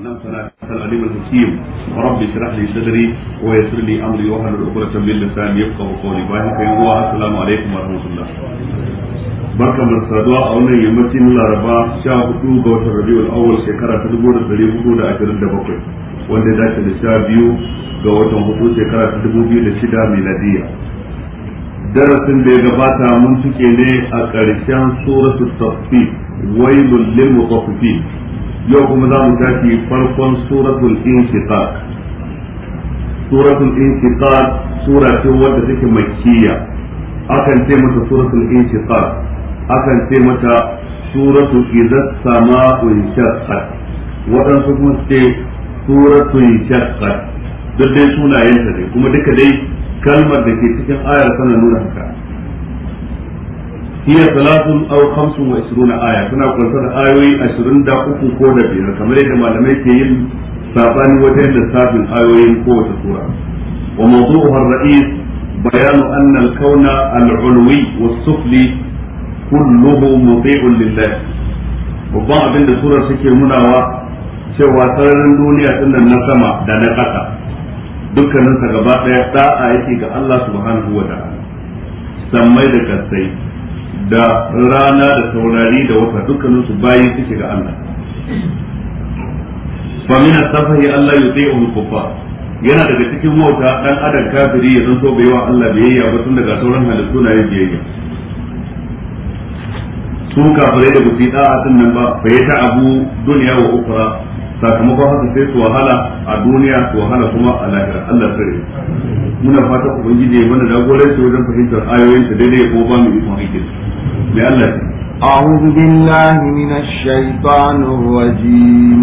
انه سميع العليم الحكيم رب اشرح لي صدري ويسر لي امري واحلل عقدة من لساني يفقهوا قولي باي هكا السلام عليكم ورحمه الله barka da a wannan yammacin laraba sha hudu ga watan rabiul awwal shekara ta dubu da dari hudu da ashirin da bakwai wanda ya dace da sha biyu ga watan hudu shekara ta dubu biyu da shida miladiya darasin da gabata mun ne a ƙarshen suratul tasfif wailul lil yau kuma za mu tafi farkon suratul inshiqaq suratul inshiqaq sura ce wadda take makkiya akan ce mata suratul inshiqaq akan ce mata suratul idza sama'u inshaqqat waɗansu kuma ce suratul inshaqqat duk dai ta ne kuma duka dai kalmar da ke cikin ayar tana nuna haka Jiya salatun aw khamsun wa ishruna aya tana kunsa da ayoyi ko da biyar kamar yadda malamai ke yin sabani wajen lissafin ayoyin kowace sura wa mawdu'uha ar-ra'is bayanu anna al-kawna al-ulwi was-sufli kulluhu muti'un lillah babban abin da surar suke nunawa cewa sararin duniya din na sama da na ƙasa dukkaninsa gaba ɗaya a yake ga Allah subhanahu wa ta'ala sammai da kasai da rana da taurari da wata dukkanin su bayi suke ga Allah fa min as-safahi Allah yuti'u al kufa yana daga cikin wauta dan adam kafiri ya zanto bai wa Allah biyayya ba tun daga sauran halittu na yin biyayya su kafirai da gudi da'a sun nan ba abu duniya wa ukra sakamakon haka sai su wahala a duniya su wahala kuma a lahira Allah sare muna fata ku ubangiji ya mana jagoranci wajen fahimtar ayoyin ta daidai ko ba mu ikon aikin mai Allah أعوذ بالله من الشيطان الرجيم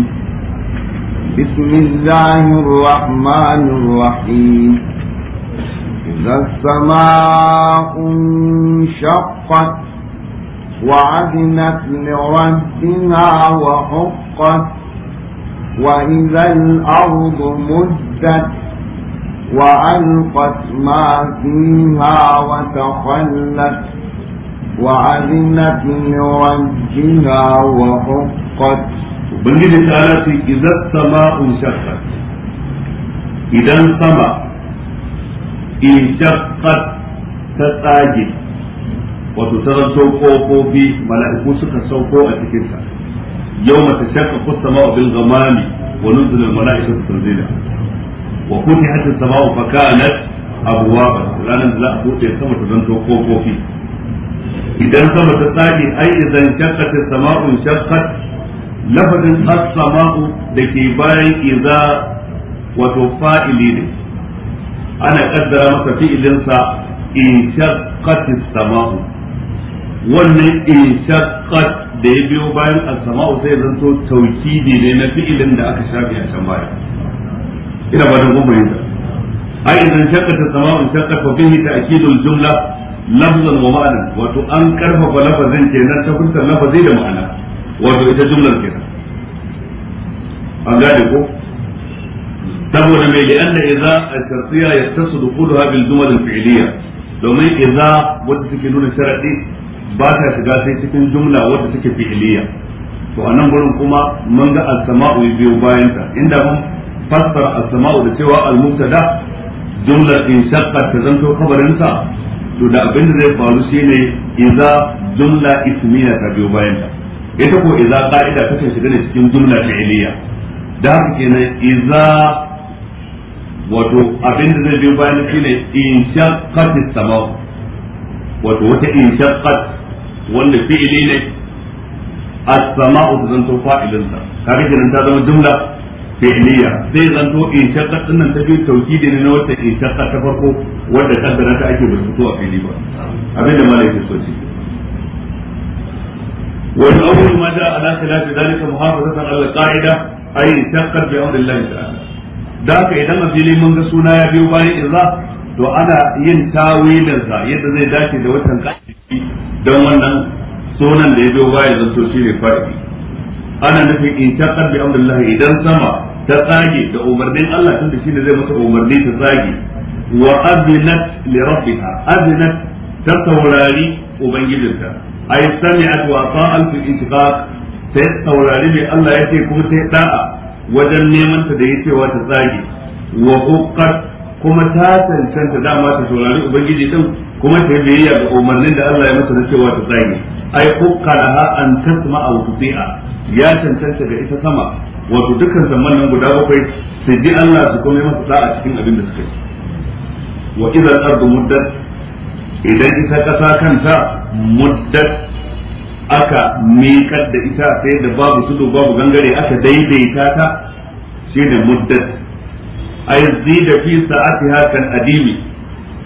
بسم الله الرحمن الرحيم إذا السماء انشقت وعدنت لربها وحقت وإذا الأرض مدت وألقت ما فيها وتخلت وعلمت لربها وحقت Ubangiji ta ce idan sama in idan sama in ta tsage wato ta mala'iku suka sauko a cikinta يوم تشقق السماء بالغمام ونزل الملائكة تنزيلا وفتحت السماء فكانت أبوابا لأن لا أبوتي السماء تزنتو كوكو فيه idan sama ta tsage ai idan shaqqatis sama'u shaqqat lafazin as-sama'u da ke bayan idza wato fa'ili ne ana kaddara masa fi'ilin sa in wannan in shaqqat da ya biyo bayan as-sama'u sai zanto taukidi ne na fi'ilin da aka shafe a can baya ina ba don gumbayin da ai idan shaqqata as-sama'u shaqqa bihi ta'kidul jumla lafzan wa ma'anan wato an karfafa lafazin kenan ta fuskar lafazi da ma'ana wato ita jumlar kenan an gane ko saboda mai li'anna idza al-shartiyya yattasidu quluha bil jumal al-fi'liyya domin iza wadda suke nuna sharaɗi ba ta shiga sai cikin jumla wadda suke fi'iliya to a nan gurin kuma mun ga al samau biyo bayan ta inda mun fassara as-sama'u da cewa al-mubtada jumla in shaqqa ta zanto khabarin sa to da abin da zai faru shine iza jumla ismiya ta biyo bayan ta ita ko iza ka'ida ta shiga ne cikin jumla fi'iliya da haka kenan iza wato abin da zai biyo bayan shi ne inshaqqatis sama wato wata inshaqqat wanda fi'ili ne as-sama'u ta zanto fa'ilin sa kaga kenan ta zama jumla fi'liya sai zanto inshaqqat din nan ta biyo da ne na wata inshaqqat ta farko wanda kaddara ta ake basu a fili ba abin da malai so shi والأول ما جاء على خلاف ذلك محافظة على القاعدة أي انشقت بأمر الله تعالى da ka idan a fili mun ga suna ya biyo bayan irza to ana yin tawilinsa yadda zai dace da watan ƙarfi don wannan sunan da ya biyo bayan zanto shi ne farfi. ana nufin in shaqar bi amrillahi idan sama ta tsage da umarnin Allah tun da ne zai masa umarni ta tsage wa azinat li rabbiha azinat ta taurari ubangijinta ay sami'at wa ta'al fi intiqaq sai taurari mai Allah yake kuma sai da'a wajen neman ta da ya cewa ta tsage wa huqqat kuma ta tantanta dama ta saurari ubangiji din kuma ta biyayya ga umarnin da Allah ya masa na cewa ta tsage ai huqqalaha an tasma aw tuti'a ya tantance ga ita sama wato dukkan zaman nan guda bakwai su ji Allah su kuma masa a cikin abin da suka yi wa idan ardu muddat idan ita kasa kanta muddat aka mekar da ita sai da babu tudu babu gangare aka daidaita ta shi ne muddat ay da fi sa'ati hakan adimi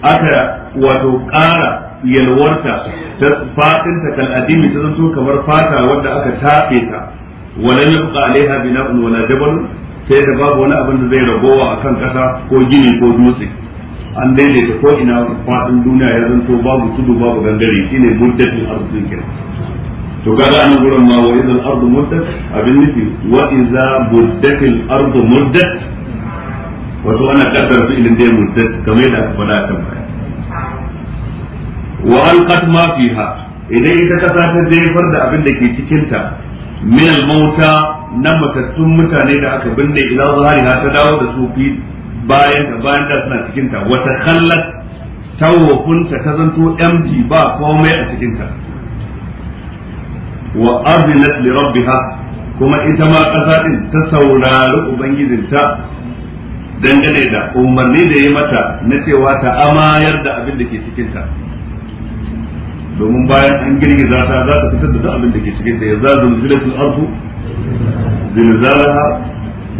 aka wato ƙara yalwarta ta ta kan adimi ta zanto kamar fata wanda aka tafe ta wala yabqa alaiha bina'un wala jabal sai da babu wani abin da zai ragowa akan kasa ko gini ko dutse an daidaita ko ina faɗin duniya ya zanto babu tudu babu gangare shine muddatin arzikin to kaga anan gurin ma wa idza al-ardu muddat abin nufi wa idza muddat al-ardu muddat wato ana kaddara su ilin da muddat kamar da aka faɗa kan baya wa alqat ma fiha idan ita kasa ta jefar da abin da ke cikin ta min al-mauta na matattun mutane da aka binne ila zahariha ta dawo da su fi bayan da bayan da suna cikin ta wata khallat tawafunta ta zanto empty ba komai a cikin ta wa azinat li rabbiha kuma ita ma kasa din ta saurari ubangijinta dangane da umarni da ya mata na cewa ta amayar da abin da ke cikinta domin bayan an girgiza ta za ta fitar da duk abin da ke cikin ta yaza zulzilatul ardu zilzalaha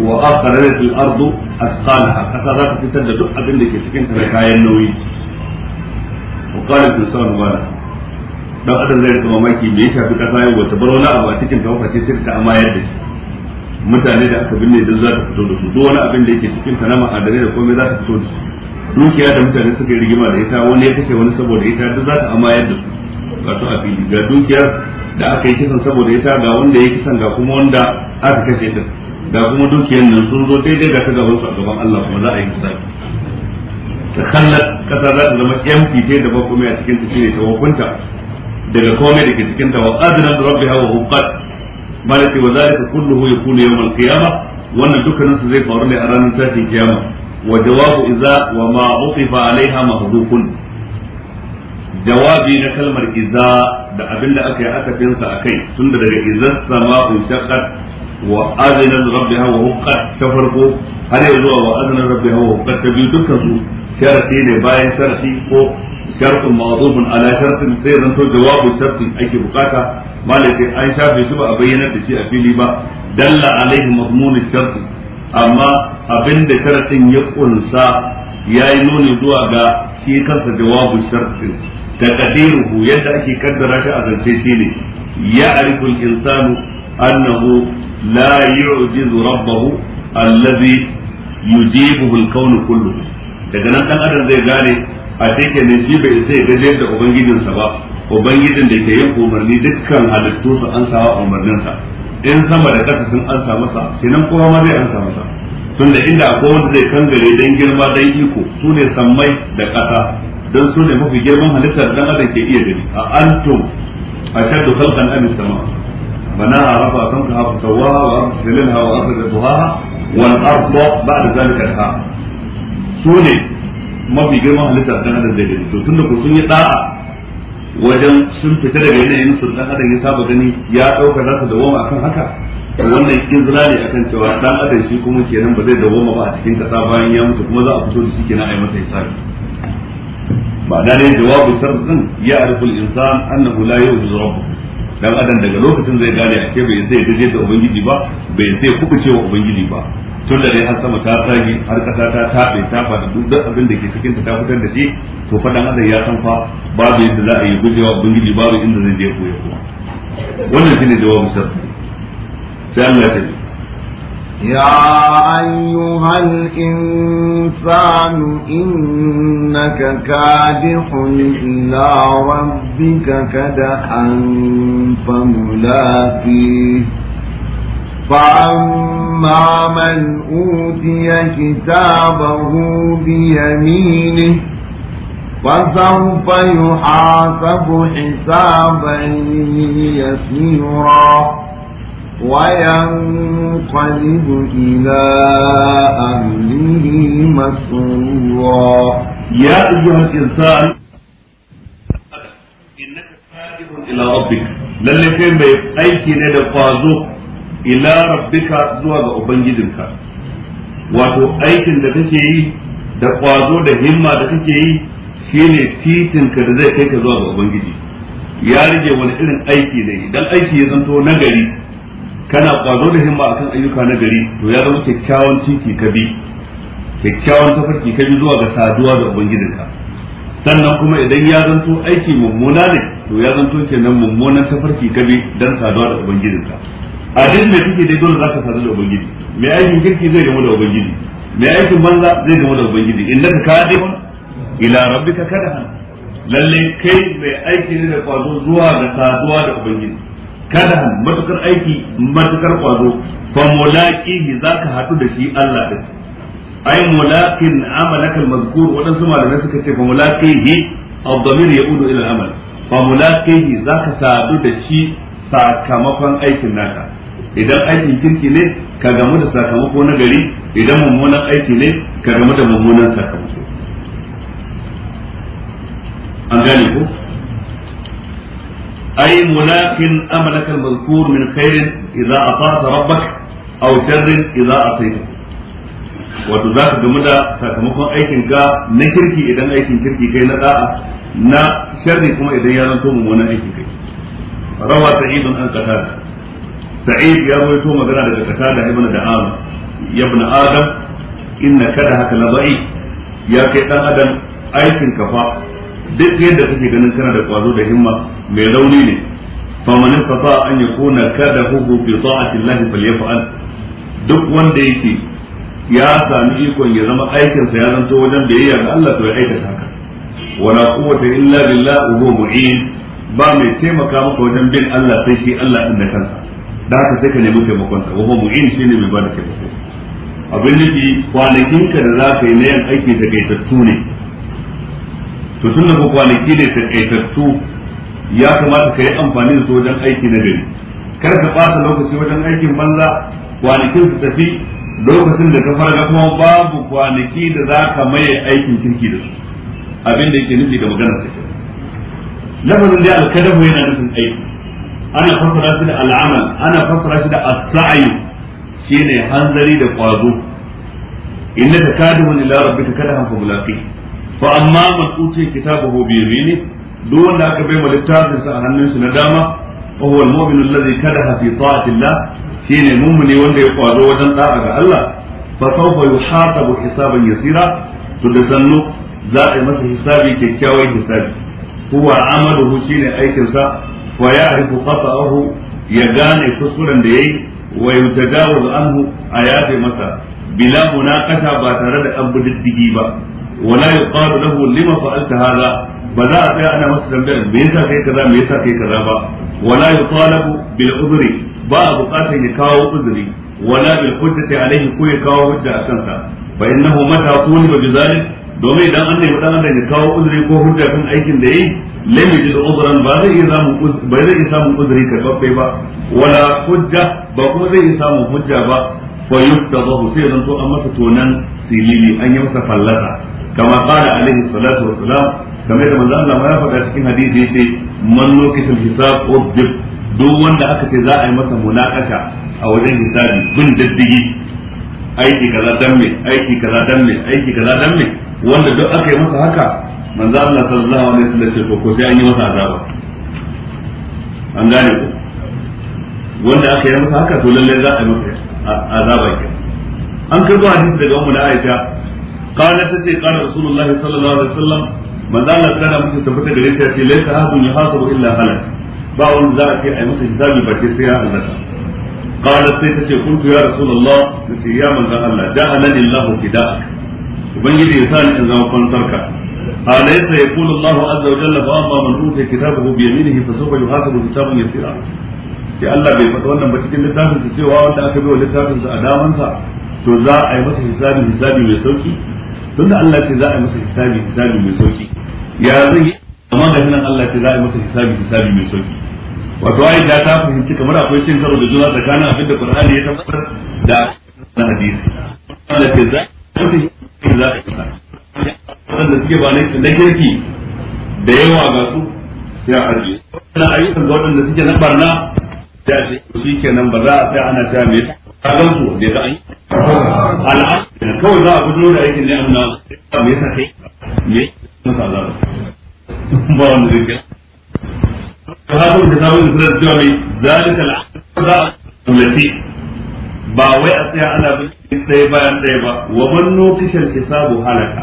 wa akhrajatil ardu asqalaha kasa za ta fitar da duk abin da ke cikin ta da kayan nauyi wa qala insan wala dan adam zai rika mamaki da ya shafi kasa yau wata bar wani abu a cikin ta wafaci sai ta amayar da shi mutane da aka binne don za ta fito da su duk wani abin da yake cikin ta na ma'adanai da komai za ta fito da su dukiya da mutane suka yi rigima da ita wani ya kashe wani saboda ita duk za ta amayar da su wato a fili ga dukiyar da aka yi kisan saboda ita ga wanda ya kisan ga kuma wanda aka kashe ta. ga kuma dukiyar nan sun zo daidai ga ta gaban su a gaban Allah kuma za a yi hisabi ta kallar kasa za ta zama empty ta da ba kuma a cikin ta shine ta hukunta daga komai da ke cikin ta wa adnan rabbiha wa huqqat malaki wa zalika kulluhu yakunu yawm al-qiyamah wannan dukkanin su zai faru ne a ranar tashin kiyama wa jawabu iza wa ma utifa alaiha mahdhufun jawabi na kalmar iza da abinda aka yi akafin sa akai tunda daga izas sama'u shaqqat wa adnan rabbiha wa huqqat ta farko har yanzu wa adnan rabbiha wa huqqat ta biyu dukkan su sharati ne bayan sharati ko شرط موضوب على شرط sai zanto jawabu shartin ake bukata malaka an shafe su ba a bayyana da shi a fili ba dalla alaihi mazmun shart amma abin abinda sharatin ya kunsa yayi nuni zuwa ga shi kansa jawabu shartin taqdiruhu yadda ake kaddara shi a zance shine ya'rifu al-insanu annahu la yu'jizu rabbahu alladhi yujibuhu al-kawnu kulluhu daga nan ɗan adam zai gane a take ne shi bai zai gajiyar da ubangijinsa ba ubangijin da ke yin umarni dukkan halittu su an sawa umarninsa in sama da kasa sun an sa masa kenan kowa ma zai an sa masa da inda akwai wanda zai kangare dan girma dan iko su ne sammai da ƙasa don su ne mafi girman halittar dan adam ke iya gani a antum ashaddu khalqan am sama bana rafa samka hafa sawaha wa arsalnaha wa akhraja duhaha wal arda ba'da zalika ha su ne mafi girman halitta dan adam da gani to tunda ko sun yi da'a wajen sun fita daga yanayin sun dan adam ya saba gani ya dauka za su dawoma akan haka wannan kinzira ne akan cewa dan adam shi kuma kenan ba zai dawoma ba a cikin kasa bayan ya mutu kuma za a fito da shi kenan a yi masa hisabi ma'ana ne jawabu sirrin ya ariful insan annahu la yu'jizu rabbuhu dan adam daga lokacin zai gane a ce bai sai gaje da ubangiji ba bai sai kubuce wa ubangiji ba tun da dai har sama ta tsage har kasa ta tabe ta fada duk abin da ke cikin ta fitar da shi to fadan adam ya san fa babu yadda za a yi gujewa ubangiji babu inda zai je koyo kuma wannan shine jawabin sarki sai Allah ya tafi يا أيها الإنسان إنك كادح إلى ربك كدحا فملاقيه فأما من أوتي كتابه بيمينه فسوف يحاسب حسابا يسيرا وينقلب إلى أهله مسرورا يا أيها الإنسان إنك سائر إلى ربك للي kai mai aiki ne إلى ربك ila rabbika wato aikin da kake yi da kwazo da himma da kake yi shine ka da zai kai ka zuwa ga ubangiji ya rige wani irin aiki ne dan aiki ya zanto nagari kana kwazo da himma akan ayyuka na gari to ya zama kyakkyawan titi ka bi kyakkyawan tafarki ka bi zuwa ga saduwa da ubangijinka sannan kuma idan ya zanto aiki mummuna ne to ya zanto kenan mummunan tafarki ka bi dan saduwa da ubangijinka a duk me kike dai dole zaka sadu da ubangiji me aikin kirki zai gamu da ubangiji me aikin banza zai gamu da ubangiji innaka kadihun ila rabbika kadahan lalle kai mai aiki ne da kwazo zuwa ga saduwa da ubangiji kada matukar aiki matukar kwazo fa mulaqihi zaka hadu da shi Allah din ay mulaqin amalaka almazkur wadan su malamai suka ce fa mulaqihi al damir yaudu ila al-amal fa mulaqihi zaka sadu da shi sakamakon aikin naka idan aikin kirki ne ka gamu da sakamako na gari idan mummunan aiki ne ka gamu da mummunan sakamako an gane ko أي ملاك أملك المذكور من خير إذا أطعت ربك أو شر إذا أطيته wato za ka gamu da sakamakon aikinka na kirki idan aikin kirki kai na da'a na sharri kuma idan ya zanto mummunan aiki kai rawa sa'idun an qatada sa'id ya rawaito magana daga qatada ibn da'am adam inna kada haka na za'i, ya kai dan adam aikin kafa. duk yadda kake ganin kana da kwazo da himma mai rauni ne fa man istata an yakuna kadahu bi ta'ati Allah falyaf'al duk wanda yake ya sami ikon ya zama aikin sa ya zanto wajen biyayya ga Allah to ya aikata haka wala quwwata illa billah huwa mu'in ba mai taimaka maka wajen bin Allah sai shi Allah din da kansa da haka sai ka nemi taimakon sa wa huwa mu'in shine mai bada taimako abin nufi kwanakin ka da za ka yi na yin aiki takaitattu ne to tun da kwanaki ne takaitattu ya kamata ka yi amfani da su wajen aiki na gari kar ka basa lokaci wajen aikin banza kwanakin su tafi lokacin da ka farga kuma babu kwanaki da za ka maye aikin kirki da su abin da yake nufi ga maganar sa lafazin da alkadabu yana nufin aiki ana fassara shi da al'amal ana fassara shi da as-sa'i shine hanzari da kwazo innaka kadihun ila rabbika kadahan fa mulaqih fa amma man utiya kitabahu bi yamini duk wanda aka bai littafin sa a hannunsa na dama fa huwa al-mu'min alladhi kadaha fi ta'ati Allah shine mu'mini wanda ya kwazo wajen da'a ga Allah fa sawfa yuhasabu hisaban yasira to da sannu za a yi masa hisabi kyakkyawan hisabi huwa amaluhu shine aikinsa wa ya'rifu khata'ahu ya gane kuskuren da yayi wa yutajawaz anhu a yafe masa bila munakata ba tare da an diddigi ba wala yuqalu lahu lima fa'alta hadha ba za a tsaya ana masa tambayar me yasa kai kaza me yasa kai kaza ba wala yutalabu bil udhri ba a bukatar ya kawo uzuri wala bil hujjati alaihi ko ya kawo hujja a kansa fa innahu mata kuni bi zalik domin idan an nemi dan adam ya kawo uzuri ko hujja aikin da yayi lam yajid uzran ba samu ba zai iya samu uzuri karbabbe ba wala hujja ba ko zai iya samu hujja ba fa yuftazahu sai zan to an masa tonan silili an yi masa fallasa kama qala alaihi salatu wa salam kamar da manzo Allah ya faɗa cikin hadisi yace man lokacin hisab ubdib duk wanda aka ce za a yi masa munakasha a wajen hisabi bin diddigi aiki kaza dan aiki kaza dan aiki kaza dan wanda duk aka masa haka manzo Allah sallallahu alaihi wasallam ce ko sai an yi masa azaba an gane ko wanda aka masa haka to lalle za a yi masa azaba ke an karbo hadisi daga ummu Aisha قالت تتي قال رسول الله صلى الله عليه وسلم من ذا لك كان مسي تبتا غريتا تي ليس هاب يحاسب إلا هلك باون ذا تي أي مسي حسابي سيا هلك قالت تتي قلت يا رسول الله تتي يا من ذا الله جعلني الله فداءك ubangiji ya sa ni in zama fansarka alaysa yaqulu Allah azza wa jalla fa amma man utiya kitabahu bi yaminihi sai Allah bai fasa wannan ba cikin littafin sa cewa wanda aka bi wa littafin sa a damansa to za a yi masa hisabi hisabi mai sauki tun da Allah ce za a yi masa hisabi hisabi mai sauki ya zai amma da nan Allah ce za a yi masa hisabi hisabi mai sauki wato ai da ta fahimci kamar akwai cin karo da juna tsakanin abin da Qur'ani ya tabbatar da na hadisi Allah ce za a yi masa za a yi masa wanda suke ba ne na kirki da yawa ga su ya ajiye na ayyukan ga waɗanda suke na barna da shi kenan ba za a sai ana ta mai kagan su da ta an yi kawai za a gudunar da aikin ne amma me yasa kai me masa za ba wanda zai kira ka ha kuma ta wani da cewa mai zalika al'ada mulati ba wai a tsaya ana bin ɗaya bayan ɗaya ba wa man nokishal hisabu halaka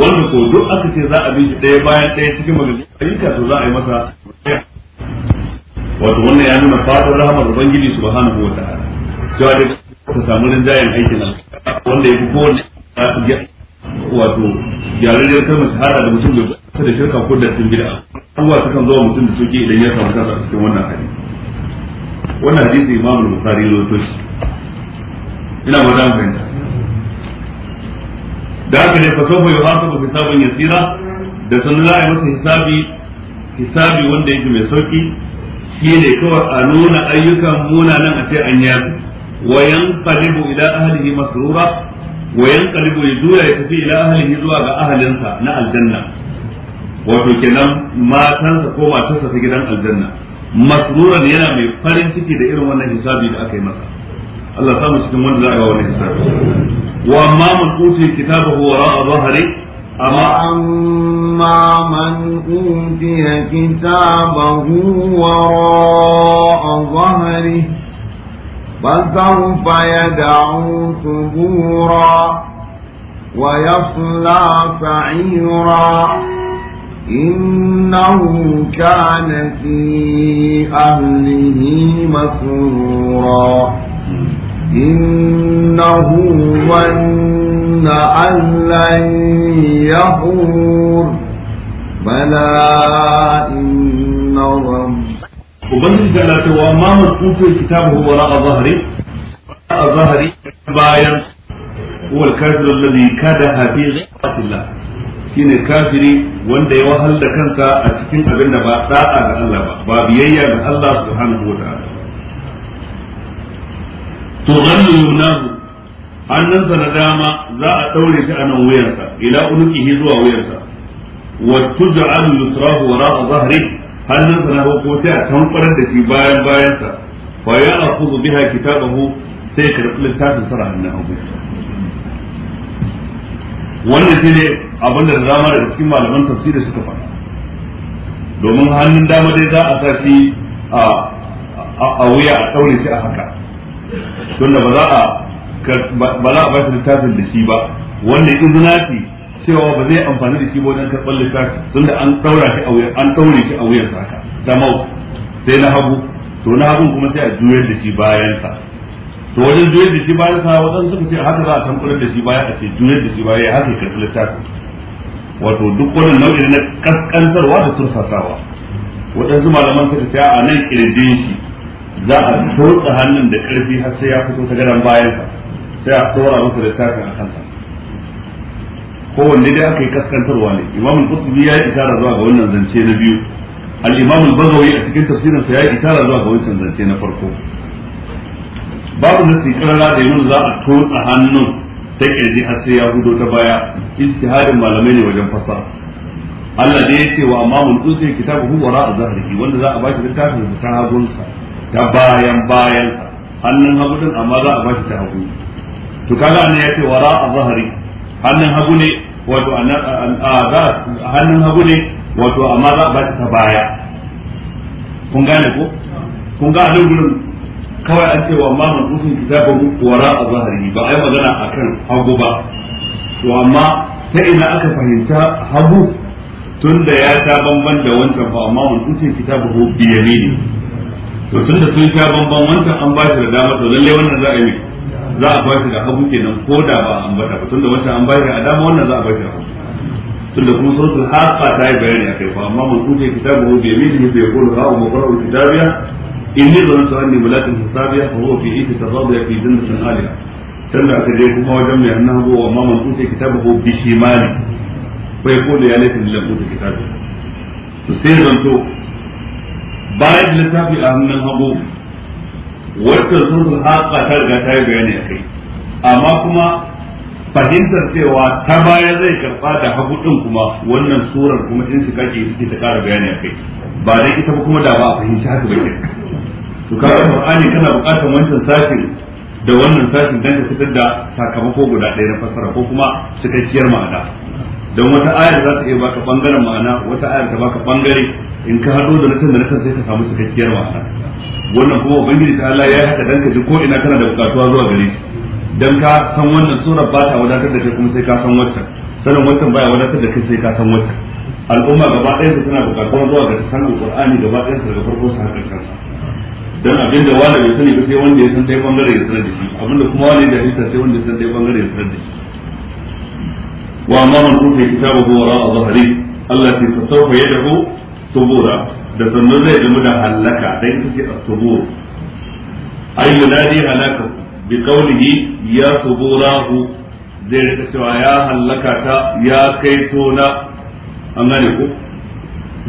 wanda ko duk aka ce za a bi shi ɗaya bayan ɗaya cikin maganganun to za a yi masa wato wannan ya nuna fatan rahamar ubangiji subhanahu wa ta'ala cewa da su samu rinjayen aikin wanda ya fi kowane wato yararriyar masu shahada da mutum da da shirka ko da sun an abubuwa kan zuwa mutum da soke idan ya samu kansa a cikin wannan hadisi wannan hadisi imam bukhari ya rawaito shi ina ma da fahimta da haka ne fa sawfa yuhasabu hisaban yasira da tsira. za a yi masa hisabi hisabi wanda yake mai sauki shi ne kawai a nuna ayyukan munanan a ce an yi Wayan yanqalibu ila ahlihi masrura wa yanqalibu yuzura ya tafi ila ahlihi zuwa ga ahalinsa na aljanna wato kenan matansa ko matarsa ta gidan aljanna masruran yana mai farin ciki da irin wannan hisabi da aka yi masa Allah samu cikin wanda za a yi wannan hisabi wa amma man uti kitabahu wara'a zahari amma man uti kitabahu wara'a zahari فسوف يدعو ثبورا ويصلى سعيرا إنه كان في أهله مسرورا إنه ظن أن لن يحور بلى إن ربه ubangiji ta lati wa ma masutu kitabu wa ra'a zahri ra'a zahri bayan wal kafir alladhi kada fi ghafatillah shine kafiri wanda ya wahal da kansa a cikin abin da ba da'a ga Allah ba ba biyayya ga Allah subhanahu wa ta'ala to zallu yumnahu hannunsa na dama za a daure shi a nan wuyarsa ila unuki zuwa wuyarsa wa tuj'alu yusrahu wara'a zahrihi hannunsa na ko sai a tamfarar da shi bayan bayansa fa ya akhudhu biha kitabahu sai ka karɓi littafin sa hannun abu wannan shi ne abin da zama daga cikin malaman tafsiri suka faɗa domin hannun dama dai za a sa shi a wuya a ɗaure shi a haka tunda ba za a ba za a ba littafin da shi ba wanda izina cewa ba zai amfani da shi ba wajen karɓar littafi da an ɗaura shi a wuyan an ɗaure shi a wuyan haka da mau sai na hagu to na hagun kuma sai a juyar da shi bayan sa to wajen juyar da shi bayan sa wajen suka ce haka za a tankurar da shi baya a ce juyar da shi baya ya haka karɓar littafi wato duk wani nau'in na kaskantarwa da tursasawa waɗansu malaman suka ce a nan kirjin shi za a tsotsa hannun da ƙarfi har sai ya fito ta gadon bayan sa sai a tsora masa littafin a kansa Ko wanne dai aka yi kaskantarwa ne imam al ya yi isara zuwa ga wannan zance na biyu al-imam bazawi a cikin tafsirin sa ya yi isara zuwa ga wannan zance na farko babu nasi karara da yanzu za a totsa hannun ta kirji har sai ya hudo ta baya ijtihadin malamai ne wajen fasaha Allah da ya ce wa amamul qusi kitabuhu wara az-zahri wanda za a bashi littafin ta hagunsa ta bayan bayansa hannun hagu din amma za a bashi ta hagu to kaga annabi ya ce wara az-zahri hannun hagu ne wato a hannun hagu ne wato amma za a ba ta baya kun gane ko kun ga nan gudun kawai an ce wa ma man usun kitabahu wara a zahari ba a yi magana a kan hagu ba to amma ta ina aka fahimta hagu tun da ya ta bamban da wancan ba amma man usun kitabahu ne. to tun da sun sha bamban wancan an ba shi da dama to lalle wannan za a yi za a ba shi da hagu kenan ko da ba an bata ba tunda wancan an bayar a dama wannan za a ba shi da hagu tunda kuma sun suratul haqqa ta yi bayani akai fa amma mun kuce kitabu ko bi yaminihi fa yaqulu ha umma qara'u kitabiya inni zanantu anni mulakin hisabiya fa huwa fi iti taradiya fi jannatin aliya tunda aka je kuma wajen mai hannun hagu wa amma mun kuce kitabu ko bi shimali fa yaqulu ya laita lil labuta kitabiya to sai zanto bayan littafi a hannun hagu wacce sun haƙa ta riga ta yi bayani a kai amma kuma fahimtar cewa ta baya zai karɓa da hagu ɗin kuma wannan surar kuma in su kake suke ta ƙara bayani a kai ba dai ita ba kuma da ba a fahimci haka ba ke to ka ga Qur'ani kana buƙatar wancan sashin da wannan sashin dan ka fitar da sakamako guda ɗaya na fassara ko kuma cikakkiyar ma'ana don wata ayar za ta iya baka bangaren ma'ana wata ayar ta baka bangare in ka hado da nakan da nakan sai ka samu cikakkiyar ma'ana wannan kuma ubangiji ta Allah ya haka dan ka ji ko ina tana da bukatuwa zuwa gare shi dan ka san wannan surar ba ta wadatar da kai kuma sai ka san waccan sanin waccan baya wadatar da kai sai ka san waccan al'umma gaba ɗaya su tana bukatuwa zuwa ga san alqur'ani gaba ɗaya su daga farko sa har Don dan abin da wani mai sani ba sai wanda ya san dai bangare ya sanar da shi abin da kuma wani da ya sai wanda ya san dai bangare ya sanar da shi wa amma man tufi kitabahu wara zahri Allah sai fa sawfa yadahu subura da sannan zai gamu da halaka dan ita ce as-subur ay yunadi halaka bi qawlihi ya suburahu zai rika cewa ya halaka ta ya kai tona an gane ko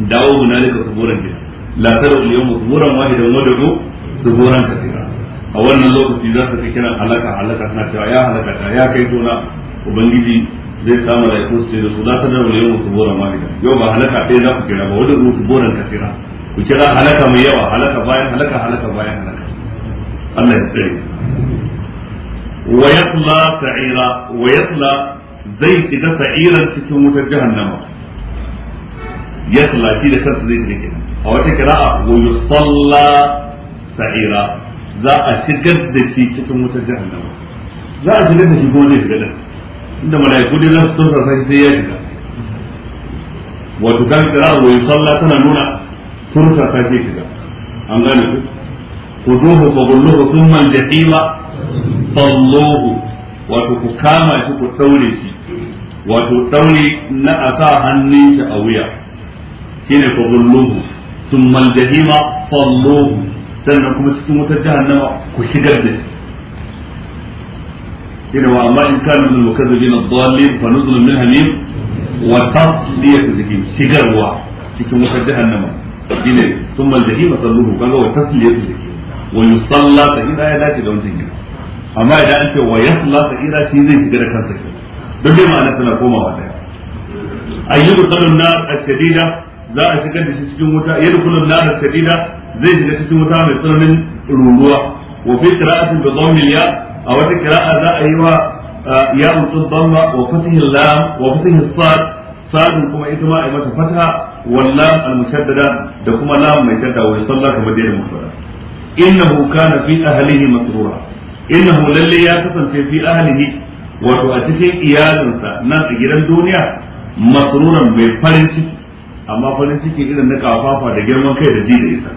dawo hunalika suburan din la tara al-yawma suburan wahidan wadu suburan kathira a wannan lokaci za su kira halaka halaka tana cewa ya halaka ta ya kai tona ubangiji zai sa malaikun su da su la tadaru yawma kuburan wahida yau ba halaka ɗaya za ku kira ba wajen ruku kuburan kasira ku kira halaka mai yawa halaka bayan halaka halaka bayan halaka Allah ya tsare wa yatla sa'ira wa yatla zai shiga sa'iran cikin wutar jahannama yatla shi da kansa zai shiga kenan a wata kira'a wa yusalla sa'ira za a shigar da shi cikin wutar jahannama za a shigar da shi kuma zai shiga da inda malaiku dai kudi su tausa sai sai ya shiga wato kan kira wa yusalla tana nuna tursa ta ce shiga an gane ku Ku kuduhu fa gulluhu thumma al-jahima salluhu wato ku kama shi ku daure shi wato daure na asa hannun shi a wuya shine fa gulluhu thumma al-jahima salluhu sannan kuma cikin wutar jahannama ku shigar da shi إن وأما إن كان من المكذبين الضالين فنزل من هميم وتصلية الجحيم سجر وع لكن مكذبها النمى ثم الجحيم صلوه قال وتصلية الجحيم ويصلى تهيدا يا لا تدعون تهيدا أما إذا أنت ويصلى تهيدا سيدي سجر كان سجر بجمع أن تنقوم وعلا أيضا قبل النار الشديدة لا أشكد سجن متى يدخل النار الشديدة زي سجن متى من طلم الرموع وفي قراءة بضم الياء a wata kira'a za a yi wa ya mutu dhamma wa fatihi lam wa fatihi sad sadun kuma ita ma a yi mata fatha wallam al-mushaddada da kuma lam mai shadda wa yusalla kamar da muka faɗa innahu kana fi ahlihi masrura innahu lalle ya kasance fi ahlihi wato a cikin iyalinsa nan a gidan duniya masruran mai farin ciki amma farin ciki irin na kafafa da girman kai da ji da isa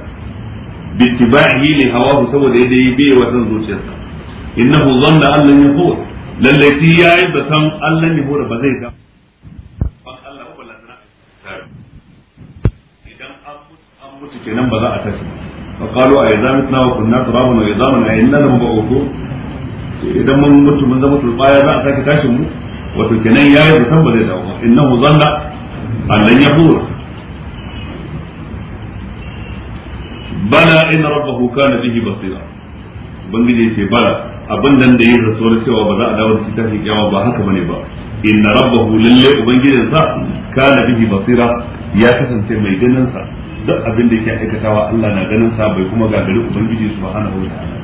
bittibahi li hawahu saboda yadda yi biye wa san zuciyarsa innahu zanna allan yahud lalle shi yayi da san allan yahud ba zai ga Allah ko lazana idan an mutu kenan ba za a tashi fa qalu a idza mitna wa kunna turaban wa idaman a inna lam ba'uthu idan mun mutu mun zama turbaya za a sake tashin mu wato kenan yayi da san ba zai dawo ba innahu zanna allan yahud bala in rabbahu kana bihi basira ubangiji ya ce bala abin nan da yin rasuwar cewa ba za a dawo da shi tashi kiyama ba haka bane ba inna rabbahu lalle ubangijinsa kana bihi basira ya kasance mai ganin sa duk abin da yake aikatawa Allah na ganin sa bai kuma gagari ubangiji subhanahu wa ta'ala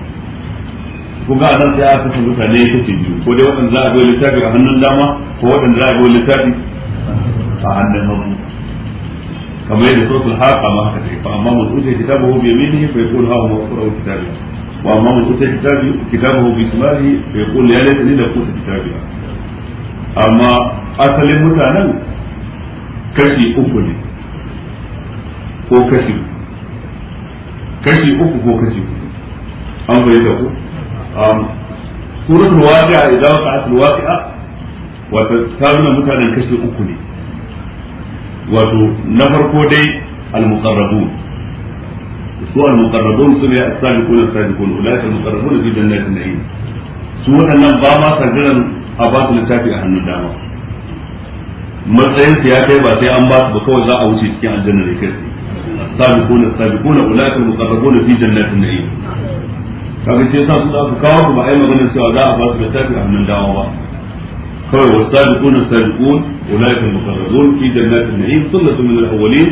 ko ga nan sai aka san mutane ya ce biyu ko dai wadanda za a bayar littafi a hannun dama ko wadanda za a bayar littafi a hannun hagu kamar yadda suratul haqa ma haka take fa amma mutum sai kitabu bi yaminihi fa yaqulu ha huwa qra'u kitabi واما من اوتي كتابه كتابه بشماله فيقول يا ليتني لم اوت كتابي اما اصل متانا كشي اكل ko kashi kashi uku ko kashi an bai da ku suratul waqi'a idan waqa'atul waqi'a wato ta nuna mutanen kashi uku ne wato na farko dai al-muqarrabun su al-muqarrabun su ne as-sabiqun as-sabiqun ulaika al-muqarrabun fi jannatin na'im su waɗannan ba ma sarjiran a ba su a hannun dama matsayin ya kai ba sai an ba ba kawai za a wuce cikin aljanna ne kai kaga sai sa su da kawo kuma ai maganar cewa za a ba su littafi a hannun dawa. ba kawai wasu sabiqun sabiqun ulaika al-muqarrabun fi jannatin na'im sunnatun min al-awwalin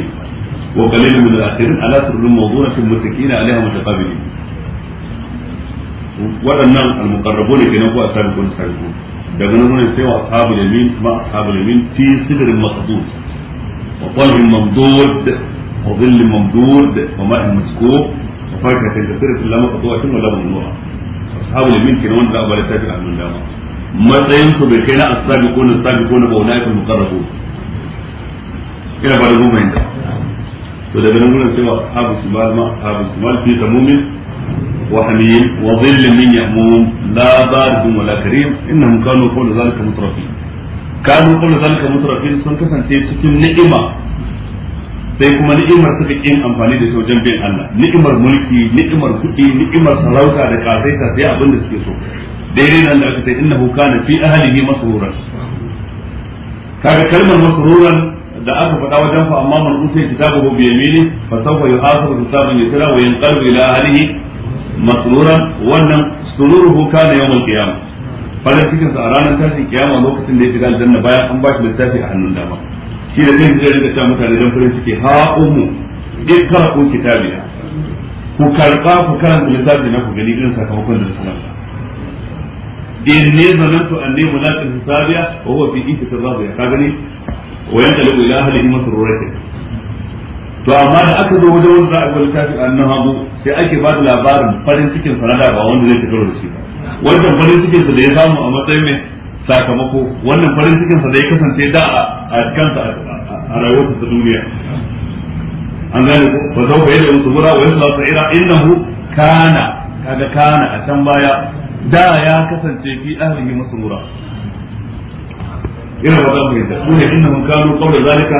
وقليل من الاخرين على الموضوع في متكئين عليها متقابلين. ولنا المقربون في نبوء سابقون سابقون. دعنا من سوى اصحاب اليمين مع اصحاب اليمين في سدر مخضوض وطلع ممدود وظل ممدود وماء مسكوب وفاكهة كثيرة لا مقطوعة ولا ممنوعة. أصحاب اليمين كانوا من ذا أبو تابع عن الدعوة. متى ينصب كنا السابقون السابقون وأولئك المقربون. إلى بعد يوم عندك. to daga nan gurin cewa ashabu shimal ma ashabu shimal fi tamumin wa hamim wa dhillin min ya'mum la baridun wala karim innahum kanu qawla zalika mutrafin kanu qawla zalika mutrafin sun kasance cikin ni'ima sai kuma ni'imar suka kin amfani da ita wajen bin Allah ni'imar mulki ni'imar kudi ni'imar sarauta da kasaita sai abin da suke so daidai nan da aka ce innahu kana fi ahlihi masruran kaga kalmar masruran da aka faɗa wajen fa amma man utiya kitabahu bi yamini fa sawfa yuhasabu hisaban yasira wa yanqalu ila ahlihi masruran wannan sururuhu kana yawmal qiyamah farin cikin sa a ranar tashin kiyama lokacin da ya shiga aljanna bayan an ba shi littafi a hannun dama shi da zai zai rika ta mutane dan farin ciki ha ummu ikra ku kitabiya ku karba ku karanta littafi na ku gani irin sakamakon da suka manta in ne zanantu anni mulaqin hisabiya wa huwa fi ikra radiya ka gani wa yantaliqu ila ahlihi masruratan to amma da aka zo wajen wanda za a gwal tafi annan hagu sai ake ba da labarin farin cikin sanada ba wanda zai fitar da shi ba wannan farin cikin sa da ya samu a matsayin mai sakamako wannan farin cikin sa da ya kasance da a kansa a rayuwarsa ta duniya an gane ko fa zau bai da subura wa yasla sa'ira innahu kana kaga kana a can baya da ya kasance fi ahlihi masrura إلى وقام يتقون إنهم كانوا قبل ذلك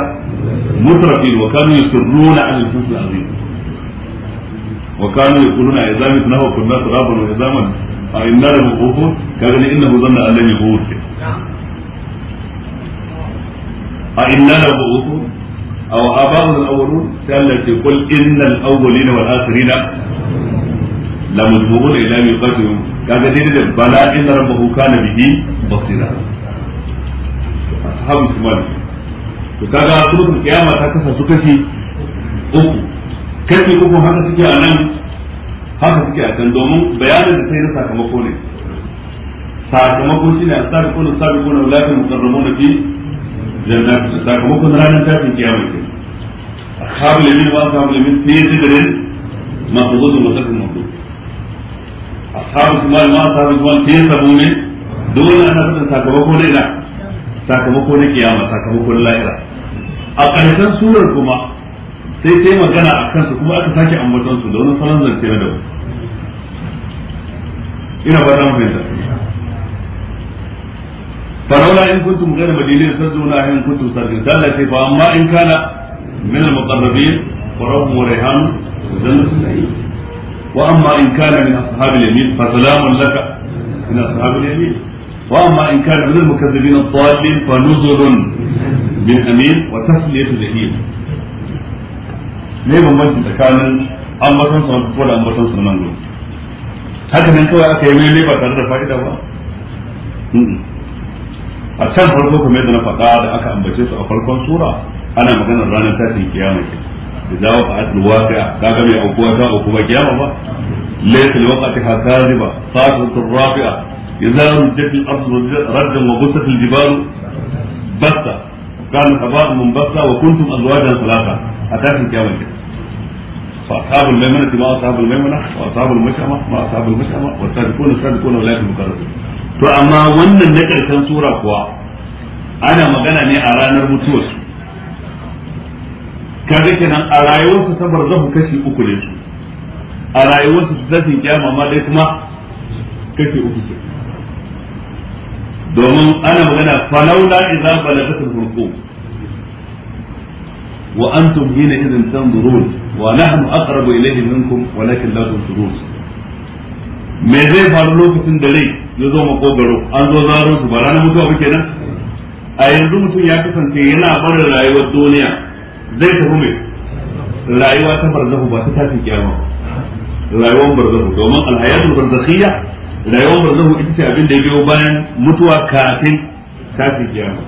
مترفين وكانوا يسرون على الفوز العظيم وكانوا يقولون عظام اثنه كنا ترابا وعظاما أئنا لمقوفون كان إنه ظن أن لم يقول أئنا لمقوفون أو آباؤنا الأولون سألنا قل إن الأولين والآخرين لمجموعون إلى أن يقاتلون كان دين بلا إن ربه كان به بصيرا ashabu shimali to kaga surutul kiyama ta kasa su kashi uku kashi uku haka suke a nan haka suke a kan domin bayanin da sai na sakamako ne sakamako shine asabiqun asabiqun ulatul muqarrabun fi jannat sakamakon ranar tashin kiyama ke ashabul yamin wa ashabul yamin fi sidrin maqdud wa sadr maqdud ashabul shimal ma ashabul shimal fi sabuni dole ana fitan sakamako ne na. sakamako na kiyama sakamakon na lahira a ƙarshen surar kuma sai sai magana a kansu kuma aka sake ambaton su da wani salon zance na dawo ina ba zan fahimta faraula in kuntum ghayra madinin na in kuntum sarfin dalla ce fa amma in kana min al-muqarrabin farahum wa rayhan jannatu sa'id wa amma in kana min ashabil yamin fa salamun laka min ashabil yamin واما ان كان من المكذبين الضالين فنزل من امين وتسليه جهيم ليه بمبنش tsakanin ambaton sa ko da ambaton sa nan haka nan kawai aka yi mai ne ba tare da fa'ida ba a can farko kuma yadda na faɗa da aka ambace su a farkon sura ana maganar ranar tashin kiyama ke da za a ba kiyama ba laysa liwaqatiha rafi'a إذا رجت الأرض ردا وبست الجبال بسة كان هباء منبثا وكنتم أزواجا ثلاثة أتاكم كامل فأصحاب الميمنة ما أصحاب الميمنة وأصحاب المشأمة ما أصحاب المشأمة والسابقون السابقون أولئك المقربون to amma wannan na ƙarshen sura kuwa ana magana ne a ranar mutuwarsu kaga kenan a rayuwarsu sabar zahu kashi uku ne su a rayuwarsu su zafin kyama ma dai kuma kashi uku kenan domin ana magana falaula idza balagatul hurqum wa antum hina idhin tanzurun wa nahnu aqrabu ilayhi minkum walakin la me zai faru lokacin da rai ya zo makogaro an zo zaro su mutuwa a yanzu mutum ya kasance yana barin rayuwar duniya zai tafi mai rayuwa ta barzahu ba ta tafi kiyama rayuwar barzahu domin alhayatul barzakhiyya rayuwar mu ita ce abin da ya biyo bayan mutuwa kafin tashi kiyama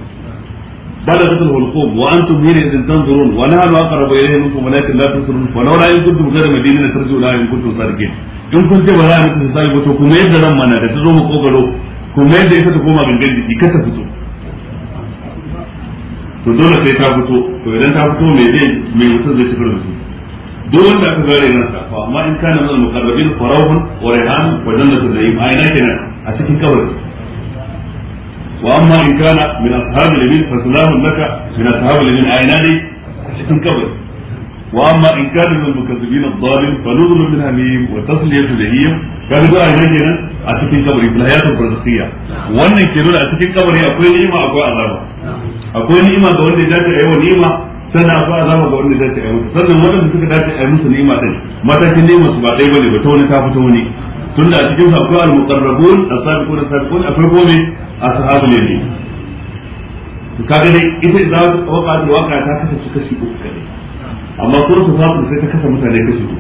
bala zatul hulqum wa antum min idin tanzurun wa la hanu aqrabu ilayhim minkum walakin la tusirun wa law ra'aytum kuntum ghayra madinina tarju la in kuntum sadiqin in kun ce ba za a mutu sai ba to kuma yadda zan mana da ta zo mu kokaro kuma yadda ita ta koma gangan diki kar ta fito to dole sai ta fito to idan ta fito me zai me mutum zai ci karin duk wanda aka gare nan safa amma in kana min muqarrabin farahun wa rihan wa jannatu na'im ayna kenan a cikin kabari wa amma in kana min ashabil yamin fa salamun laka min ashabil yamin ayna ne a cikin kabari wa amma in kana min mukazzibin ad-dhalim fa nuzulun min hamim wa tasliyatu jahim kaga da ayna kenan a cikin kabari bil hayatul barzakhiya wannan ke nuna a cikin kabari akwai ni'ima akwai azaba akwai ni'ima ga wanda ya dace ayi wa ni'ima sannan ba za mu ga wanda dace a yi musu sannan waɗanda suka dace a yi musu ni'ima din matakin nema su ba ɗaya bane ba ta wani ta fito wani tunda a cikin su akwai al-muqarrabun as-sabiqun as-sabiqun akwai gome ashabul yamin to kaga dai ita za waka da waka ta kasa su kashi uku kadai amma suratul fatir sai ta kasa mutane kashi uku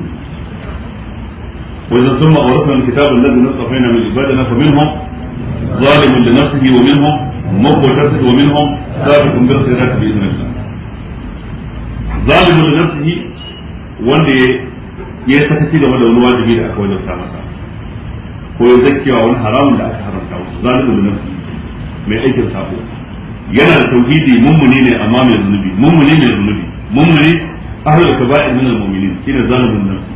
وإذا ثم أورثنا الكتاب الذي نصفينا من عبادنا فمنهم ظالم لنفسه ومنهم مقتصد ومنهم سابق بالخيرات بإذن الله zalim da nafsihi wanda ya sakaci game da wani wajibi da aka wajabta masa ko ya zakkewa wani haramun da aka haramta masa zalim da nafsihi mai aikin sako yana da tauhidi mummuni ne amma mai zunubi mummuni ne zunubi mummuni ahlul kaba'ir min al-mu'minin shine da nafsi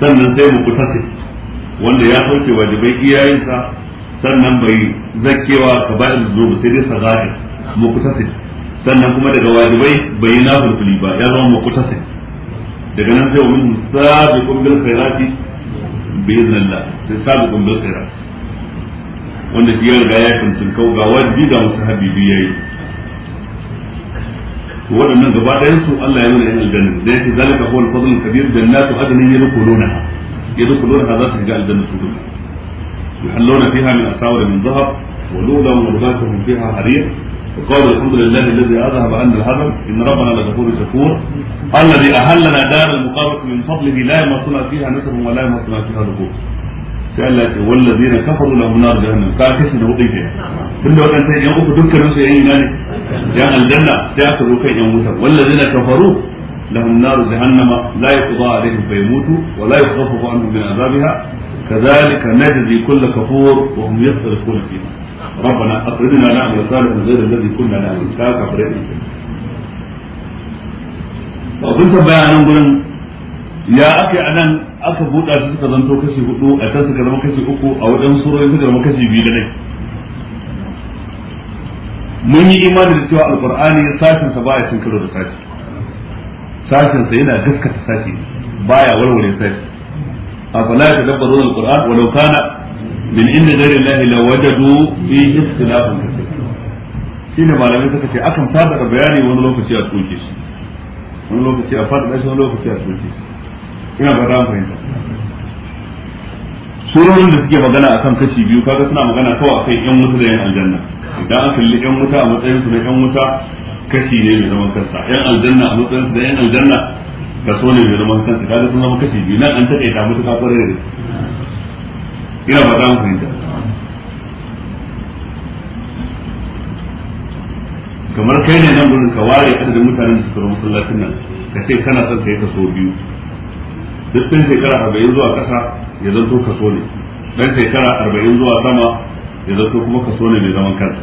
sannan sai mu kutaka wanda ya sauke wajibai iyayensa sannan bai zakkewa kaba'ir zunubi sai dai sagari mu kutaka sannan kuma daga wajibai bai na nafurfuli ba ya zama makuta sai daga nan sai wani sabi sabiqun bil khairati bi idnillah sai sabi bil khairat wanda shi ya riga ya tuntun kau ga wajibi ga musu habibi ya yi waɗannan gaba ɗayan su Allah ya nuna yan aljanna da ya ce zalika ko kabir da nasu adanin al-kabir jannatu ya yadkhuluna yadkhuluna za su shiga aljanna su duka yuhalluna fiha min asawir min dhahab wa lulan wa libasuhum fiha harir وقالوا الحمد لله الذي اذهب عنا الحزن ان ربنا لغفور شكور الذي اهلنا دار المقامه من فضله لا يمسنا فيها نسب ولا يمسنا فيها نقوص sai Allah ce wallazi na kafaru lahum nar jahannam ka kashi da hudin kenan tunda wadannan yan uku dukkanin su yan ina ne yan aljanna sai aka zo kan yan wuta wallazi na kafaru lahum nar jahannam la yuqda alaihim fa yamutu wa la yukhaffafu kafur wa ربنا أخرجنا نعمل صالحا غير الذي كنا نعمل كاك فريقنا abin tambaya nan gurin ya aka a nan aka buɗa su suka zanto kashi hudu a can suka zama kashi uku a wajen surori suka zama kashi biyu da nai mun yi imani da cewa alkur'ani sashin sa baya cin da sashi sashin yana gaskata sashi baya warware sashi afala tadabbarun alquran walau kana min inda ghairi Allah la wajadu fi ikhtilafan shine malamai suka ce akan fada bayani wani lokaci a tsoke shi wani lokaci a fada shi wani lokaci a tsoke shi ina ba ran fahimta surorin da suke magana akan kashi biyu kaga suna magana kawai akan yan wuta da yan aljanna idan an kalli yan wuta a matsayin su na yan wuta kashi ne mai zaman kansa yan aljanna a matsayin su da yan aljanna kaso ne mai zaman kansa kaga sun zama kashi biyu nan an taƙaita mutuka ƙwarai ina ba za mu fahimta kamar kai ne nan gudun ka ware da mutanen da suka zo masallacin nan ka ce kana son ka yi kaso biyu duk ɗan shekara arba'in zuwa ƙasa ya zanto kaso ne ɗan shekara arba'in zuwa sama ya zanto kuma kaso ne mai zaman kansa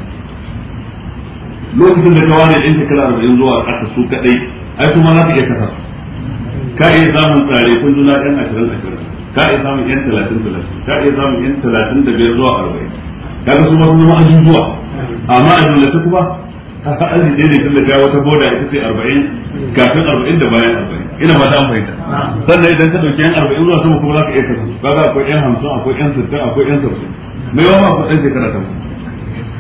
lokacin da ka ware ɗan shekara arba'in zuwa ƙasa su kaɗai ai kuma za ka iya kasa ka iya samun tsare kun juna ɗan ashirin ashirin ka iya samun yan talatin talatin ka iya samun yan talatin da biyar zuwa arba'in kaga su ma zama ajujuwa amma a jumlata kuma an je ne tallata wata boda ita ce arba'in kafin arba'in da bayan arba'in ina ba ta an fahimta sannan idan ka ɗauki yan arba'in zuwa sama kuma za ka iya kasu kaga akwai yan hamsin akwai yan sittin akwai yan saba'in mai yawa akwai ɗan shekara ta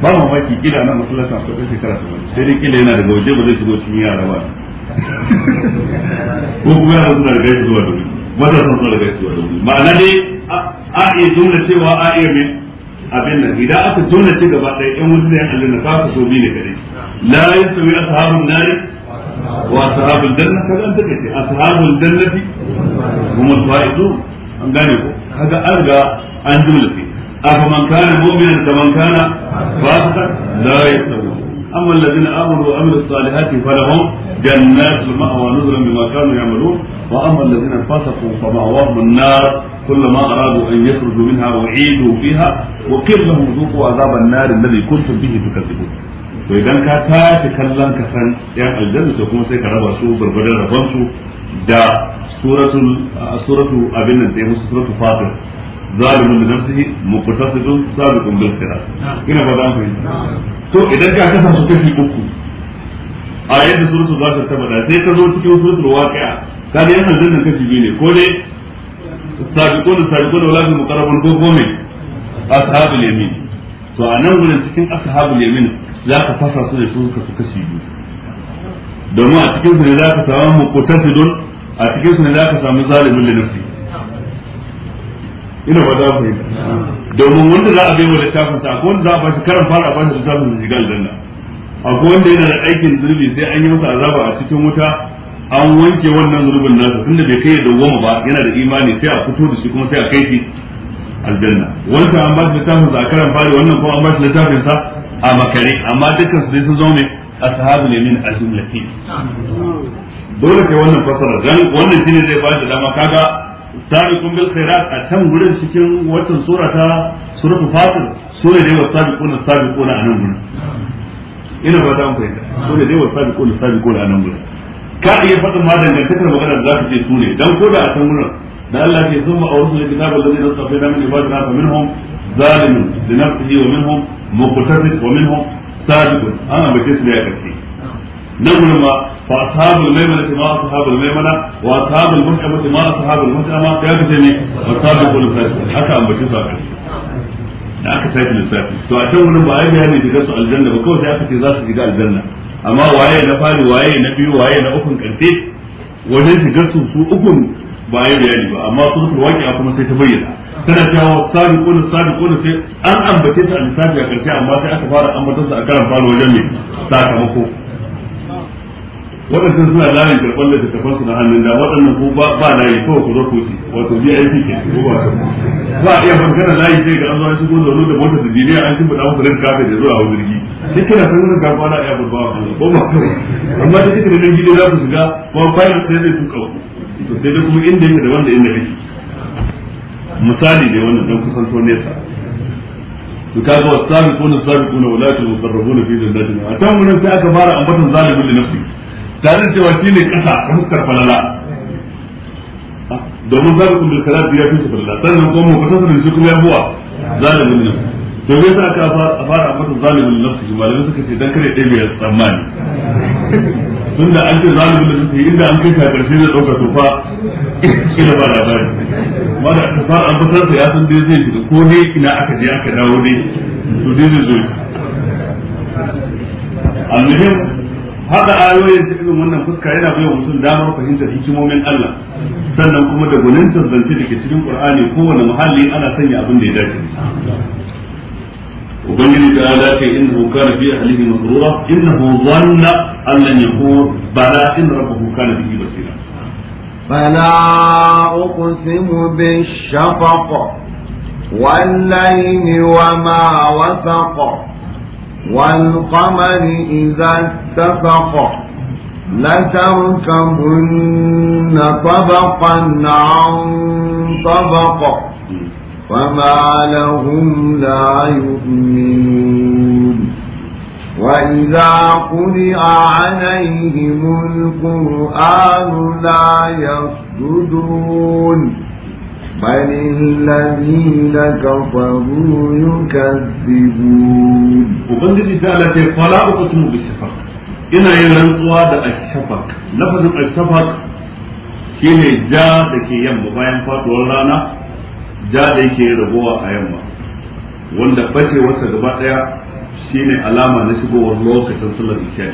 ba mamaki kila na masallacin akwai ɗan shekara ta sai dai kila yana daga waje ba zai shigo cikin yara ba ko kuma yara suna da gaisa zuwa da wuri matasan da riga su wani ma'ana dai a iya jumla cewa a iya mai abin nan idan aka jumla ce gaba ɗaya yan wasu da yan aljanna ka su so bi ne kadai la yasawi ashabun nari wa ashabul janna kaga an take ce ashabul jannati hum al-faizun an gane ko kaga an riga an jumla ce man kana mu'minan man kana ba ta la yasawi أما الذين آمنوا وعملوا الصالحات فلهم جنات المأوى نزلا بما كانوا يعملون وأما الذين فسقوا فمأواهم النار كلما أرادوا أن يخرجوا منها أعيدوا فيها وقيل لهم ذوقوا عذاب النار الذي كنتم به تكذبون to idan ka tashi kallon ka san yan aljanna to kuma sai ka raba su gurgurdan rabon su da suratul suratu abin nan sai musu suratul fatir zalimin da nafsihi muqtasidun sabiqun bil khairat ina ba da fahimta to idan ka kasa su kashi uku a yadda su zaka ta bada sai ka zo cikin su waqi'a ka ga yana zan kashi biyu ne ko dai da sabiqun da fi muqarrabun ko ko me ashabul yamin to a nan gurin cikin ashabul yamin za ka fasa su da su ka su kashi biyu domin a cikin su ne za ka samu muqtasidun a cikin su ne za ka samu zalimin da nafsihi ina ba za mu yi domin wanda za a bai wa littafin sa akwai wanda za a ba shi karan fara a ba shi littafin da shiga aljanna akwai wanda yana da aikin zurbi sai an yi masa azaba a cikin wuta an wanke wannan zurbin nasa tunda bai kai da goma ba yana da imani sai a fito da shi kuma sai a kai shi aljanna wanda an ba shi littafin sa a karan fara wannan kuma an ba shi littafin sa a makare amma dukkan su dai sun zo ne ashabu ne min azumlati dole kai wannan fasara dan wannan shine zai ba da dama kaga sabiqun bil khairat a can gurin cikin watan sura ta suratul fatir sura ne wa sabiquna sabiquna anan gurin ina ba ta amfani sura ne wa sabiquna sabiquna anan gurin ka iya faɗin ma dangantakar magana za ta je su dan ko da a can gurin da Allah ke zuma a wurin kitabul ladhi nasafina min ibadina fa minhum zalimun li nafsihi wa minhum muqtasid wa minhum sabiqun ana bace su ne a kace نقول ما فأصحاب الميمنة ما أصحاب الميمنة وأصحاب المشأمة ما أصحاب المشأمة يا بتني وأصحاب الفلسفة حتى أم بكسر da aka tafi lissafi to a can wurin ba a yi bayani shiga su aljanna ba kawai sai aka ce za su shiga aljanna amma waye na fari waye na biyu waye na ukun karfe wajen shiga su su ukun ba a yi bayani ba amma su suka waƙi kuma sai ta bayyana tana cewa sabi kuna sabi kuna sai an ambace su a lissafi a karshe amma sai aka fara ambatar su a karan fara wajen mai sakamako waɗannan suna layin karɓar littattafan su na hannun da waɗannan ku ba layi kawai ku zo ku ci wato biya aiki ke ko ba ba a iya bangaren layi sai ga an zo an shigo da wani da motar da jiniya an shi buɗa muku rin kafe da zuwa jirgi duk kina san wurin gafa na iya burbawa ko ba kawai amma da kika da gida za ku shiga ba bayan sai zai tuka ku to sai da kuma inda yake da wanda inda kake misali ne wannan don kusanto nesa kaga wasabiquna sabiquna wala tuqarrabuna fi jannatin a tan wurin sai aka fara ambatan zalimin li nafsihi tare da cewa shi ne ƙasa ta fuskar falala domin zaɓi kuma da ya fi su falala na kuma mu kasance da shi kuma ya buwa zalimin nan to me yasa ka fara mata zalimin nafsi malamai suka ce dan kare ɗaya mai tsammani tunda an ce zalimin nan suke inda an kai shi a ƙarshe zai ɗauka tufa kila ba labari ma da aka fara an fasar ya san dai zai shiga ko ne ina aka je aka dawo ne to dai zai zo shi haka ayoyin ta irin wannan fuska yana bai wa mutum damar fahimtar hikimomin Allah sannan kuma da gwanintar zance da ke cikin Qur'ani kowane muhalli ana sanya abin da ya dace ubangiji ta ala ce na kana fi ahlihi masrura innahu dhanna Allah ya yahur bala in rabbuhu kana bihi basira فلا أقسم بالشفق والليل وما وسق والقمر إذا اتفق لتركبن طبقا عن طبق فما لهم لا يؤمنون وإذا قرئ عليهم القرآن لا يسجدون بل الذين كفروا يكذبون وبنجي تعالى فلا أقسم بالشفق ina yin rantsuwa da ashafaq lafazin ashafaq shine ja da ke yamma bayan faduwar rana ja da yake ragowa a yamma wanda bace wasa gaba daya shine alama na shigowar lokacin sallar isha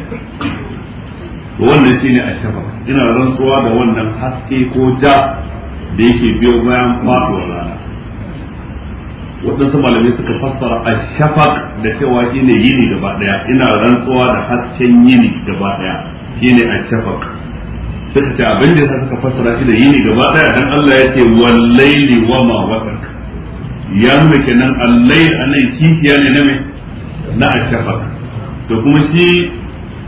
wannan shine ashafaq ina rantsuwa da wannan haske ko ja da yake biyo bayan faɗuwar rana waɗansu malamai suka fassara a shafaq da cewa shi ne yini gaba ɗaya ina rantsuwa da hasken yini gaba ɗaya ne a shafaq suka ce abin da suka fassara shi da yini gaba ɗaya dan Allah ya ce wallaili wa ma watak ya nuna kenan allai anan kifiya ne na me na ashafaq to kuma shi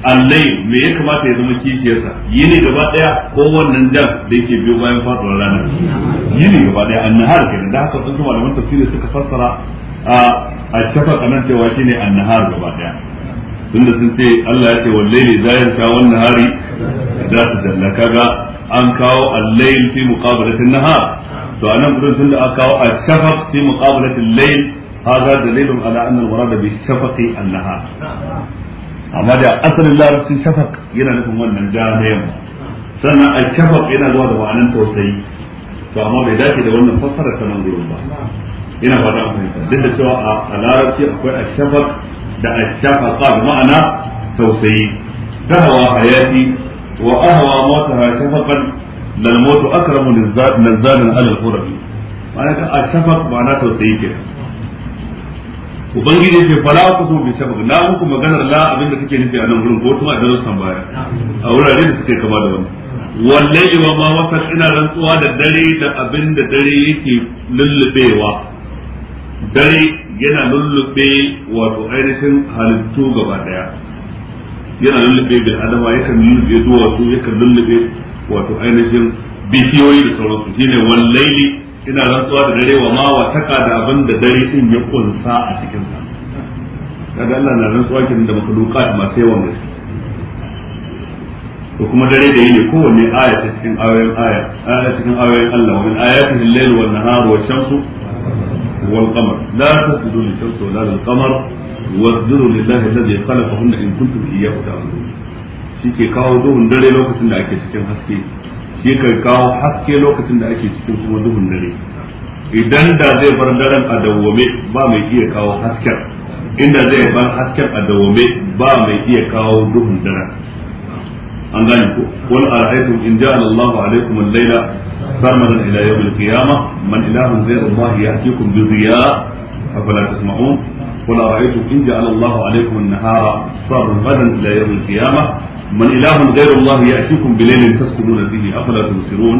allai me ya kamata ya zama kishiyarsa yini gaba daya ko wannan dan da yake biyo bayan faduwar rana yini gaba daya annahar kenan da haka sun da malaman tafsiri suka fassara a a tafa kanan cewa shine annahar gaba daya tunda sun ce Allah ya ce wallai wallahi zahir ka wannan hari da su dalla kaga an kawo al-layl fi muqabalatin nahar to anan gurin da aka kawo al-shafaq fi muqabalatin layl هذا دليل على أن المراد بالشفق النهار amma da asalin larabcin shafak yana nufin wannan ja na yamma sannan a shafak yana zuwa da ma'anar tausayi to amma bai dace da wannan fassarar ta nan gurin ba ina fata an fahimta duk da cewa a larabci akwai a shafak da a al shafaqa ma'ana tausayi dahawa hayati wa ahwa mawtaha shafaqan lal mawtu akramu lizzat nazalan al qurbi ma'ana a shafak ma'ana tausayi kenan ubangiji ce fara ku so bi sabab na muku maganar la abin da kake nufi a nan gurin ko kuma a darussan baya a wurare da suke kama da wani wallahi wa ma wasa ina rantsuwa da dare da abin da dare yake lullubewa dare yana lullube wato ainihin halittu gaba daya yana lullube bil adama yakan lullube duwatsu yakan lullube wato ainihin bishiyoyi da sauransu shine wallahi ina rantsuwa da dare wa ma wa taka da abin da dare din ya kunsa a cikin sa kaga Allah na rantsuwa kin da da masu yawan gaske to kuma dare da yake kowanne aya ta cikin ayoyin aya aya cikin ayoyin Allah wa min ayatihi al-layl an nahar wa shamsu al qamar la tasjudu lish-shamsi wa la lil-qamar asjudu lillahi alladhi khalaqahunna in kuntum iyyahu ta'budun shike kawo duhun dare lokacin da ake cikin haske yakan kawo haske lokacin da ake cikin kuma duhun dare idan da zai bar daren a dawwame ba mai iya kawo hasken inda zai bar hasken a dawwame ba mai iya kawo duhun daren an gane ko wal ara'aytum in ja'ala Allahu alaykum al sarmadan ila qiyamah man ilahun Allah bi dhiya afala tasma'un من إله غير الله يأتيكم بليل تسكنون فيه أفلا تبصرون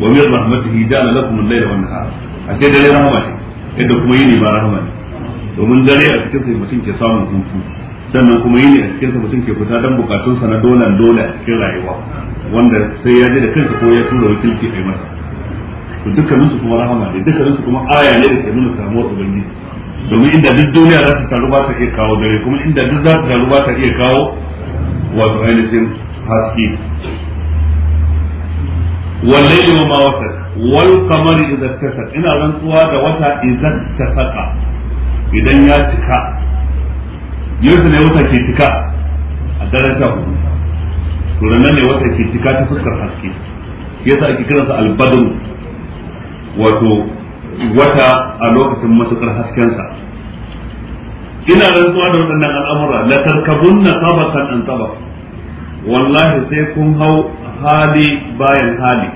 ومن رحمته جعل لكم الليل والنهار أشياء دليل رحمة إذا كما يني a cikin a cikin mutum ke fita a a domin inda duk duniya za ta taru ba ta iya kawo dare kuma inda duk za ta taru ba ta iya kawo wato ainihin haske wanne wa ma wata wal qamar idza tasaka ina rantsuwa da wata ta saka idan ya cika yanzu ne wata ke cika a daren sha hudu to nan ne wata ke cika ta fuskar haske yasa ake kiransa albadru wato wata a lokacin matukar haskensa ina rantsuwa da waɗannan al'amura la tarkabunna sabaqan an sabaq wallahi sai kun hau hali bayan hali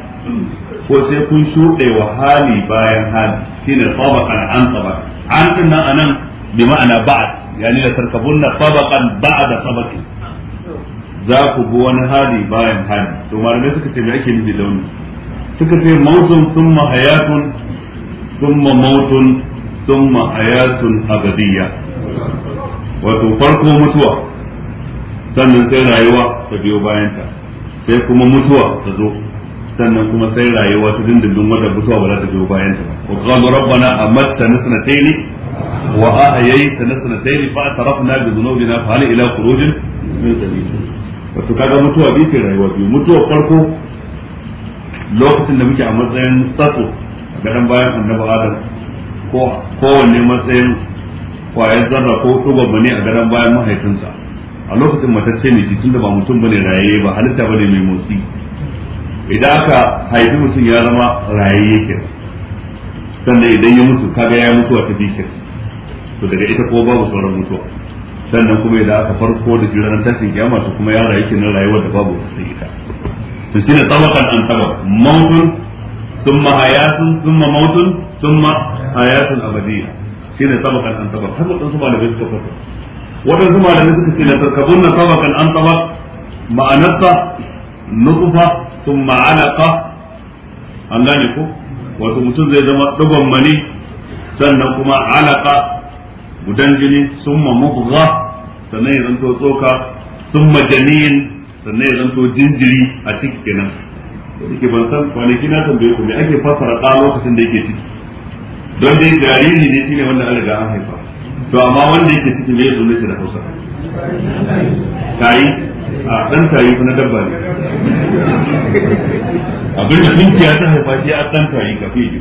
ko sai kun shuɗe wa hali bayan hali shine sabaqan an sabaq an din nan anan bi ma'ana ba'd yani la tarkabunna sabaqan ba'da sabaqin za ku bi wani hali bayan hali to malamai suka ce me ake nufi da wannan suka ce mautun thumma hayatun thumma mautun thumma hayatun abadiyya wato farko mutuwa sannan sai rayuwa ta biyo bayanta sai kuma mutuwa ta zo sannan kuma sai rayuwa ta dindindin wadda mutuwa ba za ta biyo bayanta ba ko qalu rabbana amatta nasnataini wa ahyaita nasnataini fa atarafna bi dhunubina fa hal ila khurujin min sabil wato kaga mutuwa biyu ce rayuwa biyu mutuwa farko lokacin da muke a matsayin tsatso a gadon bayan annabi adam ko kowanne matsayin kwayar zarra ko ɗugon ne a gadon bayan mahaifinsa a lokacin matacce ne shi da ba mutum bane raye ba halitta bane mai motsi idan aka haifi mutum ya zama raye yake sannan idan ya mutu kaga ya mutuwa ta dikin to daga ita ko babu sauran mutuwa sannan kuma idan aka farko da shi ranar tashin kiyama to kuma ya rayu na rayuwar da babu wasu sai ita to shine tabakan an tabak mautun thumma hayatun thumma mautun thumma hayatun abadiyya shine sabakan an tabak har su malamai suka fata su malamai suka ce la na sabakan an tabak ma'anarsa nutfa sun alaqa an gane ko wato mutum zai zama dugon mani sannan kuma alaka gudan jini summa mubgha sannan ya zanto tsoka summa janin sannan ya zanto jinjiri a ciki kenan da ban san kwanaki na tambaye ku me ake fassara ɗa lokacin da yake ciki don dai jariri ne shine wanda Allah riga an haifa to amma wanda yake cikin me yazo nashi da kusa tayi a dan tayi kuma dabba ne abin da ya ta haifa shi a dan tayi kafi ji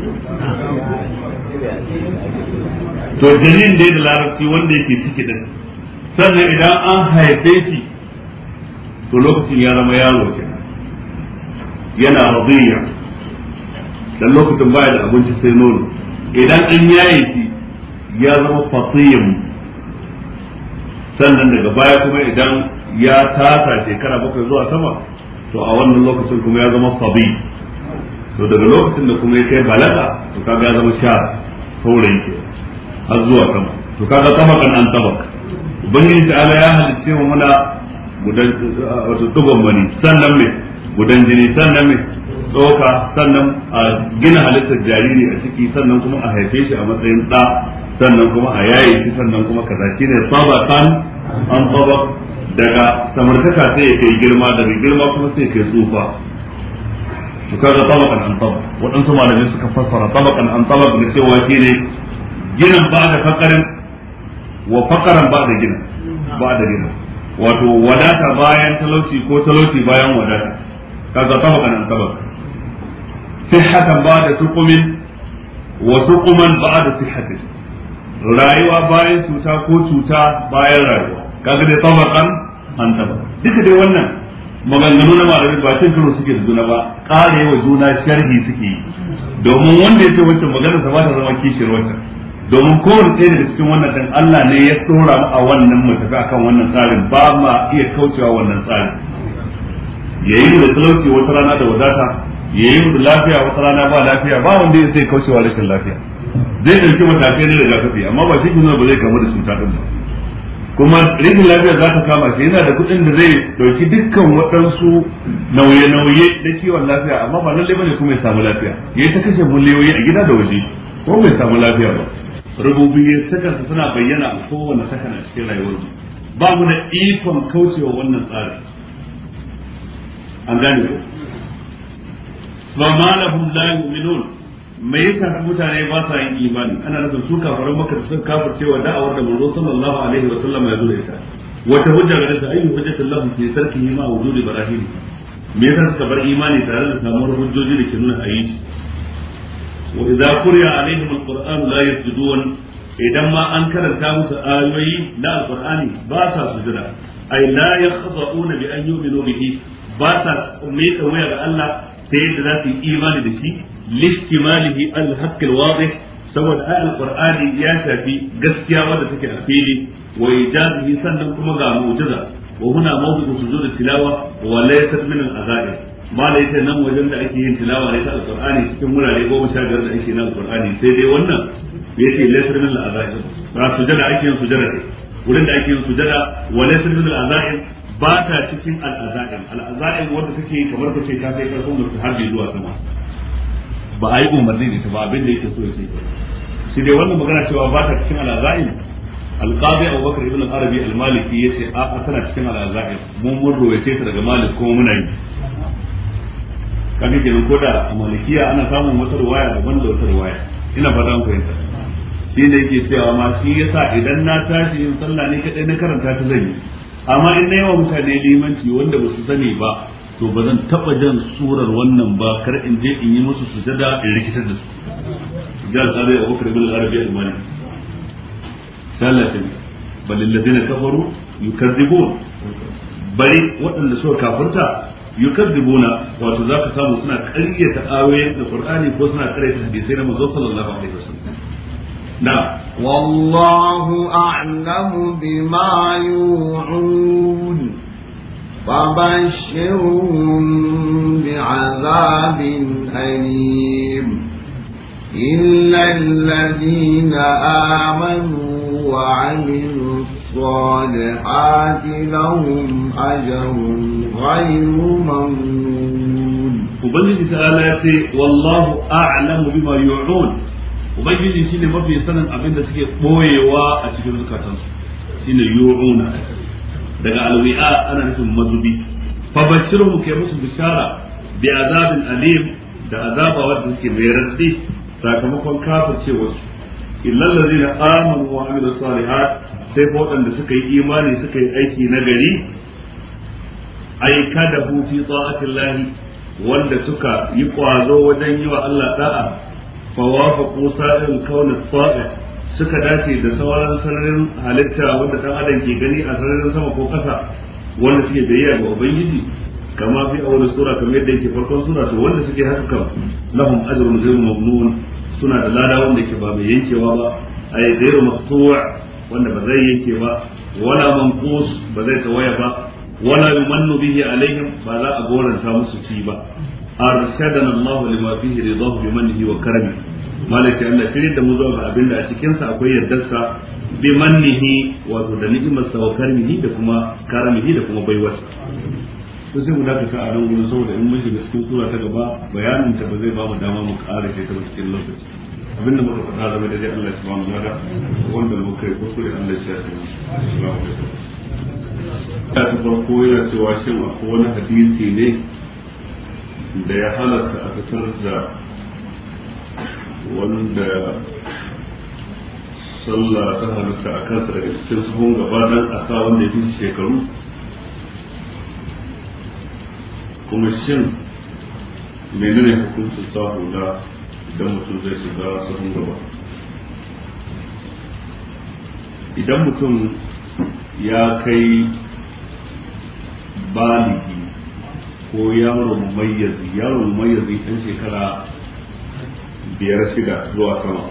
to jinin dai da larabci wanda yake ciki din sannan idan an haife shi to lokacin ya zama yaro kenan yana radiya dan lokacin baya da abinci sai nono idan an yaye shi ya zama fasiyin sannan daga baya kuma idan ya tasa shekara bakwai zuwa sama to a wannan lokacin kuma ya zama sabi to daga lokacin da kuma ya kai balaga to kaga ya zama sha saurayi ke har zuwa sama to kaga sama kan an taba ubangiji ta ala ya halicce mu muna gudan wato dugon mani sannan me gudan jini sannan me tsoka sannan a gina halittar jariri a ciki sannan kuma a haife shi a matsayin ɗa sannan kuma a yaye shi sannan kuma kaza shine kan an tsaba daga samartaka sai ya kai girma daga girma kuma sai ya kai tsufa to kaga tabakan an tsaba waɗansu malamai suka fassara tabakan an tabak da cewa shine ginin ba da fakarin wa fakaran ba da gina ba da gina wato wadata bayan talauci ko talauci bayan wadata kaga tabakan an tabaka sihhatan ba'da tuqumin wa tuquman ba'da sihhatin rayuwa bayan cuta ko cuta bayan rayuwa kaga dai tabaqan an taba duka dai wannan maganganu na malamin ba cin karo suke da juna ba ƙara yawa juna sharhi suke yi domin wanda ya ce wancan maganar sa ta zama kishiyar wancan domin kowane ɗaya daga cikin wannan dan Allah ne ya tsora mu a wannan mu tafi akan wannan tsarin ba ma iya kaucewa wannan tsarin yayin da talauci wata rana da wadata yayin da lafiya wata rana ba lafiya ba wanda ya sai kaucewa rashin lafiya zai ɗauki matakai na rigakafi amma ba shi kuma ba zai kamu da cuta ɗin ba kuma rikin lafiya za ta kama shi yana da kuɗin da zai ɗauki dukkan waɗansu nauye-nauye na kiwon lafiya amma ba lallai bane kuma ya samu lafiya ya ta kashe miliyoyi a gida da waje ko bai samu lafiya ba rububiyar sakansa suna bayyana a kowane sakan a cikin rayuwar ba mu da ikon kaucewa wannan tsarin an gane ko fa ma lahum la yu'minun me yasa mutane ba sa yin imani ana nufin su kafaran maka sun kafircewa da'awar da manzo sallallahu alaihi wa sallam ya zo ita wata hujja ga da ayyuhu hujjatul lahum fi sarkihi ma wujudi Ibrahim, me yasa suka bar imani tare da samuwar hujjoji da ke nuna ayi wa idza quriya alaihim alquran la yasjudun idan ma an karanta musu ayoyi na alqur'ani ba sa sujuda ay la yakhdauna bi an yu'minu bihi ba sa mai tsawaya ga Allah ta yadda za su yi imani da shi lishtimalihi al-haqq al-wadih saboda ai alqur'ani ya shafi gaskiya wadda take a fili wa ijazihi sannan kuma ga mu'jiza wa huna mawdu'u sujud tilawa wa laysat min al-azaib ma da yace nan wajen da ake yin tilawa ne ta alqur'ani cikin wurare goma sha biyar da ake nan alqur'ani sai dai wannan yake laysat min al-azaib ba sujada ake yin sujada ne wurin da ake yin sujada wa laysat min al-azaib ba ta cikin al'azaim al'azaim wanda suke kamar ka ce ta kai karfin mutum har bai zuwa sama ba a yi umarni da ta ba abin da yake so ya ce shi dai wannan magana cewa ba ta cikin al'azaim alqabi Abu Bakar ibn arabi al-Maliki ce a tana cikin al'azaim mun mun ruwaye ta daga Malik kuma muna yi kaga kenan ko da a malikiya ana samun wata ruwaya daban da wata ruwaya ina fata mu fahimta shi ne yake cewa ma shi yasa idan na tashi yin sallah ne kadai na karanta ta zan yi amma in na yawa mutane limanci wanda ba su sani ba to ba zan taɓa jan surar wannan ba kar in je in yi musu sujada in rikitar da su jihar sabai abu karbi al'arabi almani sallatin balin ladina kafaru yukazzibun bari waɗanda suka kafirta na, wato zaka samu suna ƙaryata ayoyin da qur'ani ko suna ƙaryata hadisai na manzo sallallahu alaihi wasallam نعم والله أعلم بما يوعون فبشرهم بعذاب أليم إلا الذين آمنوا وعملوا الصالحات لهم أجر غير ممنون وبلغ تعالى والله أعلم بما يوعون ubangiji shine mafi sanin abin da suke boyewa a cikin zukatansu shine yu'una daga alwi'a ana nufin mazubi fa ke musu bishara bi azabin alim da azaba wanda suke mai sakamakon kafircewar su illa allazina amanu wa amilu salihat sai fa waɗanda suka yi imani suka yi aiki na gari ay kadahu fi ta'atillahi wanda suka yi kwazo wajen yi wa Allah da'a فوافقوا سائر الكون الصائع suka dace da sauran sararin halitta wanda dan adam ke gani a sararin sama ko kasa wanda suke biyayya ga ubangiji kama fi wani sura kamar yadda yake farkon sura to wanda suke haka lahum ajrun ghayr mamnun suna da lada wanda ke ba mai yankewa ba ay ghayr maqtu' wanda ba zai yanke ba wala manqus ba zai tawaya ba wala yumannu bihi alaihim ba za a goranta musu ci ba arshadana Allah lima fihi ridahu bi mannihi wa karamihi malaka Allah shirye da mu zuwa ga abin da a cikin sa akwai yardarsa bi mannihi wa da ni'imar sa wa karamihi da kuma karamihi da kuma baiwa. to sai mu dakata a nan gurin saboda in mun shiga cikin sura ta gaba bayanin ta ba zai ba mu dama mu ƙara ta cikin lokaci abinda muka faɗa game da dai Allah subhanahu wa ta'ala wanda muka yi kuskure Allah ya sa mu ta farko yana cewa shin akwai wani hadisi ne da ya halatta a fitar da wanda sallah ta halarta a kansa daga cikin sahun gaba don a sa wanda ya fi shekaru kuma shin menene hukuncin sa da idan mutum zai shiga sahun gaba idan mutum ya kai baligi ko yaro mayyazi yaro mayyazi ɗan shekara biyar shida zuwa sama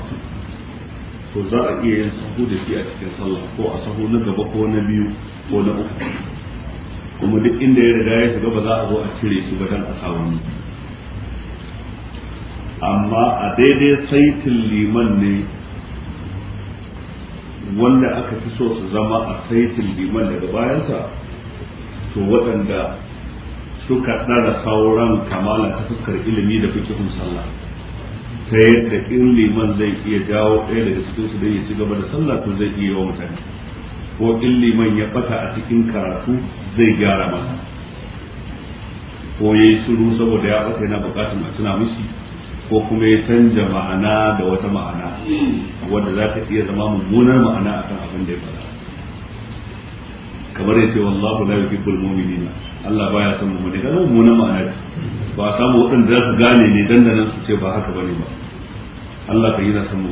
to za a iya yin sahu da shi a cikin sallah ko a sahu na gaba ko na biyu ko na uku kuma duk inda ya riga ya shiga ba za a zo a cire shi ba dan a samu amma a daidai saitin liman ne wanda aka fi so su zama a saitin liman daga bayansa to waɗanda suka ɗara sauran kamala ta fuskar ilimi da kun sallah ta yadda in liman zai iya jawo ɗaya daga cikin su ya ci gaba da sallah to zai iya wa mutane ko in liman ya bata a cikin karatu zai gyara masa ko ya yi shiru saboda ya bata yana buƙatar a tuna mishi ko kuma ya canja ma'ana da wata ma'ana wanda za ta iya zama mummunar ma'ana akan abin da ya faɗa kamar ya ce wallahu la yuhibbul mu'minina Allah baya son mu daga nan mu na ma'ana ba a samu waɗanda za su gane ne dandanan su ce ba haka bane ba Allah ka yi na son mu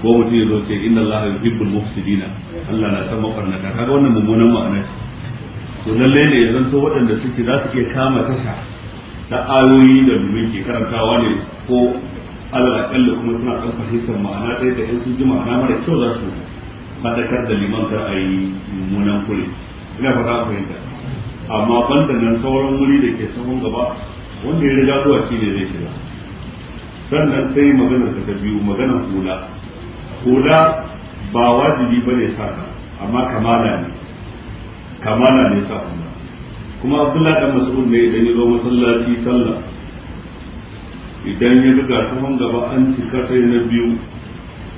ko mutum ya zo ce inna Allah yuhibbul mufsidina Allah na san mafarnata kaga wannan mummunan ma'ana ce to lalle ne ya zanto waɗanda suke za su iya kama tasha da ayoyi da domin ke karantawa ne ko Allah akalla kuma suna kan fahimtar ma'ana ɗaya da in sun ji ma'ana mara kyau za su fadakar da liman kar a yi mummunan kure ina fata fahimta amma banda nan sauran wuri da ke sahun gaba wanda ya riga zuwa shi ne zai shiga sannan sai magana ta biyu maganar hula hula ba wajibi bane sa ka amma kamala ne kamala ne sa hula kuma abdullahi dan mas'ud ne idan ya zo masallaci sallah idan ya buga sahun gaba an cika sai na biyu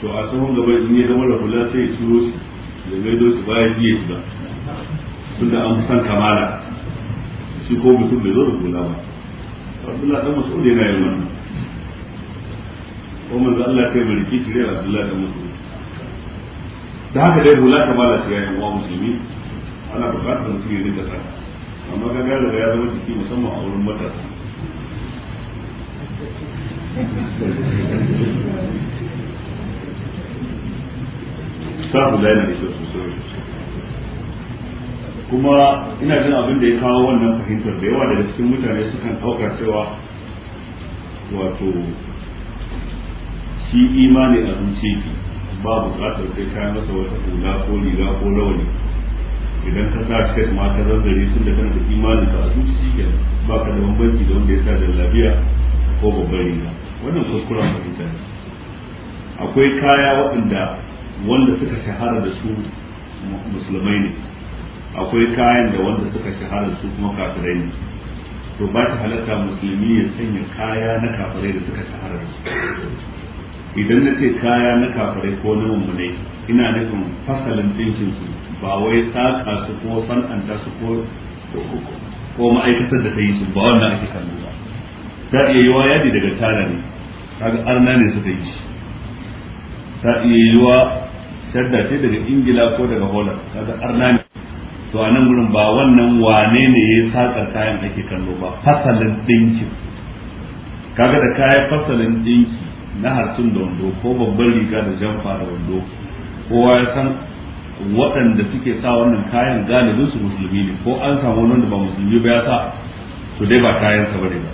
to a sahun gaba in ya gama da hula sai ya shiro shi da gaido shi baya shi ya shiga tunda an fi san kamala shi ko mutum bai zo da gula ba abdullahi dan mas'ud yana yin wannan ko manzo Allah kai mulki shi ne abdullahi dan mas'ud da haka dai gula kamala shi yayin wa musulmi ana buƙatar mutum ya rika saka amma ga ga da ya zama ciki musamman a wurin matasa sabu da yana da shi sosai kuma ina jin abin da ya kawo wannan fahimtar da yawa daga cikin mutane sukan ɗauka cewa wato shi imani a zuciya ba buƙatar sai ka masa wata hula ko riga ko rawani idan ka sa shi ma ta zazzare tun da kana da imani ka a ke ba ka da bambanci da wanda ya sa lafiya ko babbar riga wannan kuskuren fahimta ne akwai kaya waɗanda wanda suka shahara da su musulmai ne akwai kayan da wanda suka shahara su kuma kafirai ne to ba shi halatta musulmi ya sanya kaya na kafirai da suka shahara su idan na ce kaya na kafirai ko na mummunai ina nufin fasalin dinkin su ba wai saka su ko san'anta su ko ko ma'aikatar da ta yi su ba wannan ake kallo ba ta iya yiwa yadi daga tara ne kaga arna ne suka yi shi ta iya yiwa shadda ce daga ingila ko daga holland kaga arna ne to a nan gurin ba wannan wane ne ya sakar kayan ake kallo ba fasalin dinki kaga da kayan fasalin ɗinki na harsun da wando ko babban riga da jamfa da wando kowa ya san waɗanda suke sa wannan kayan galibin su musulmi ne ko an samu wanda ba musulmi ba ya sa to dai ba kayan sa bane ba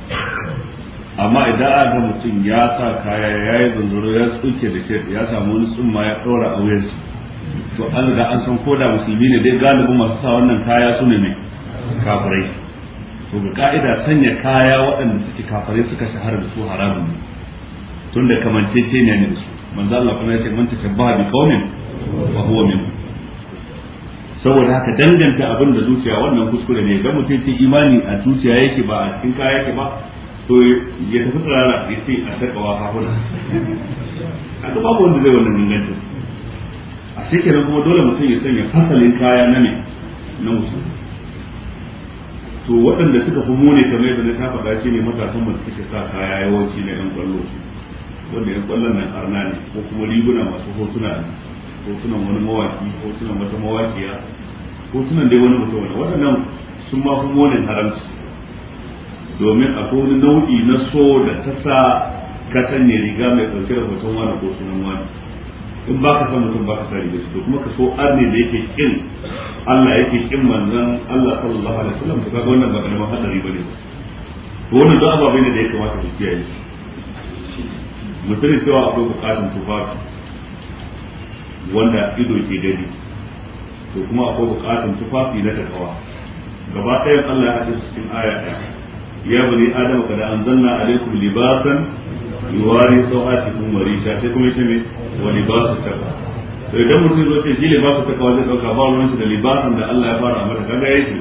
amma idan a ga mutum ya sa kaya ya yi zanzaro ya tsuke da ke ya samu wani tsumma ya ɗora a wuyansu to an riga an san ko da musulmi ne dai galibin masu sa wannan kaya su ne mai kafirai to ga ka'ida sanya kaya waɗanda suke kafirai suka shahara da su haramun ne tun da kamancece ne ne su manzo Allah kuma ya ce man tashabbaha bi qaumin fa huwa min saboda haka danganta abin da zuciya wannan kuskure ne idan mutum ce imani a zuciya yake ba a cikin kaya yake ba to ya tafi tsara ya ce a sarkawa kafuna a babu wanda zai wannan ingancin shi kenan kuma dole mutum ya sanya fasalin kaya na ne na musulmi to waɗanda suka fi mune kamar yadda na shafa faɗa shi ne matasan masu suke sa kaya yawanci na yan kwallo wanda yan kwallon nan arna ne ko kuma riguna masu hotuna a hotunan wani mawaki hotunan wata mawakiya hotunan dai wani mutum wani waɗannan sun ma fi munin haramci domin akwai wani nau'i na so da ta sa ka sanya riga mai ɗauke da hoton wani ko sunan wani in ba ka san mutum ba ka sani da shi to kuma ka so arne da yake kin Allah yake kin manzon Allah sallallahu alaihi wasallam to kaga wannan ba karamin hadari bane to wannan da ababai ne da ya kamata ku kiyaye shi mutum cewa akwai bukatun tufafi wanda ido ke dadi to kuma akwai bukatun tufafi na takawa gaba ɗayan Allah ya haɗe cikin aya ya bani adama kada anzalna alaikum libasan yuwari sau'atikum wa risha sai kuma shi ne wa libasu taqwa to idan mutum zo ce shi libasu taqwa zai dauka ba ruwan shi da libasan da Allah ya fara mata ga yake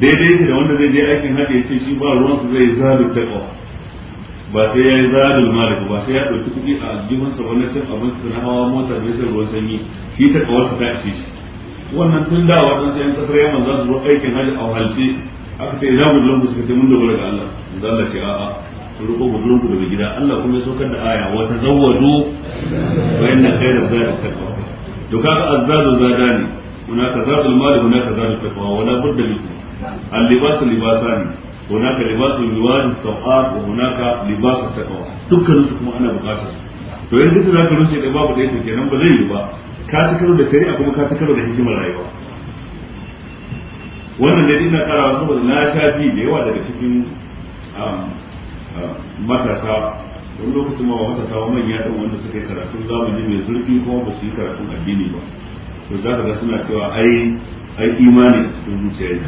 daidai ne da wanda zai je aikin hajji ce shi ba ruwan su zai zalu taqwa ba sai ya yi zalul malik ba sai ya ɗauki kuɗi a sa wani cin abinci na hawa mota da shan ruwan sanyi shi ta kawar ta ishe shi wannan tun da waɗansu yan kasar yaman za su zo aikin hajji a halce aka ce ina gudun suka ce mun dogara ga Allah Allah ce a'a ku riko gudurin ku daga gida Allah kuma ya saukar da aya wa tazawwaju wa inna khayra zadi taqwa to kaga azzadu zadani hunaka zadul mali hunaka zadul taqwa wa la budda min al-libasu libasani hunaka libasu liwadi taqwa wa hunaka libasu taqwa dukkan su kuma ana bukatar su to yanzu da ka rusa da babu da yake kenan ba zai yi ba ka tsakaro da shari'a kuma ka tsakaro da hikimar rayuwa wannan da ina karawa saboda na shafi da yawa daga cikin um, matasa wani lokacin ma ba matasa ba manya ɗin wanda suka yi karatun zamani mai zurfi kuma ba su yi karatun addini ba to za ka ga suna cewa ai ai imani a cikin zuciya ne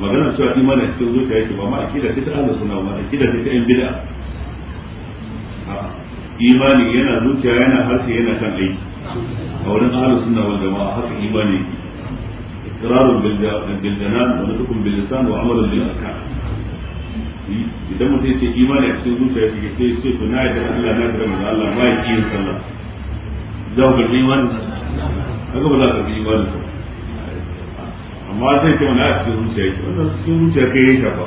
magana cewa imani a cikin zuciya yake ba ma akida ce ta Allah suna ba akida ce ta yan bid'a imani yana zuciya yana harshe yana kan aiki a wurin ahlus sunna wal jama'a haka imani iqrarun bil janan wa nutqun bil lisan wa amalun bil arkan idan mutum ya ce imani a cikin zuciya shi sai ce to na yadda Allah na da manzo Allah ma ƙi yin sallah za ku karbi imani kaga ba za ku karbi imani sa amma sai ce mana a cikin zuciya yake wannan cikin zuciya kai yi ba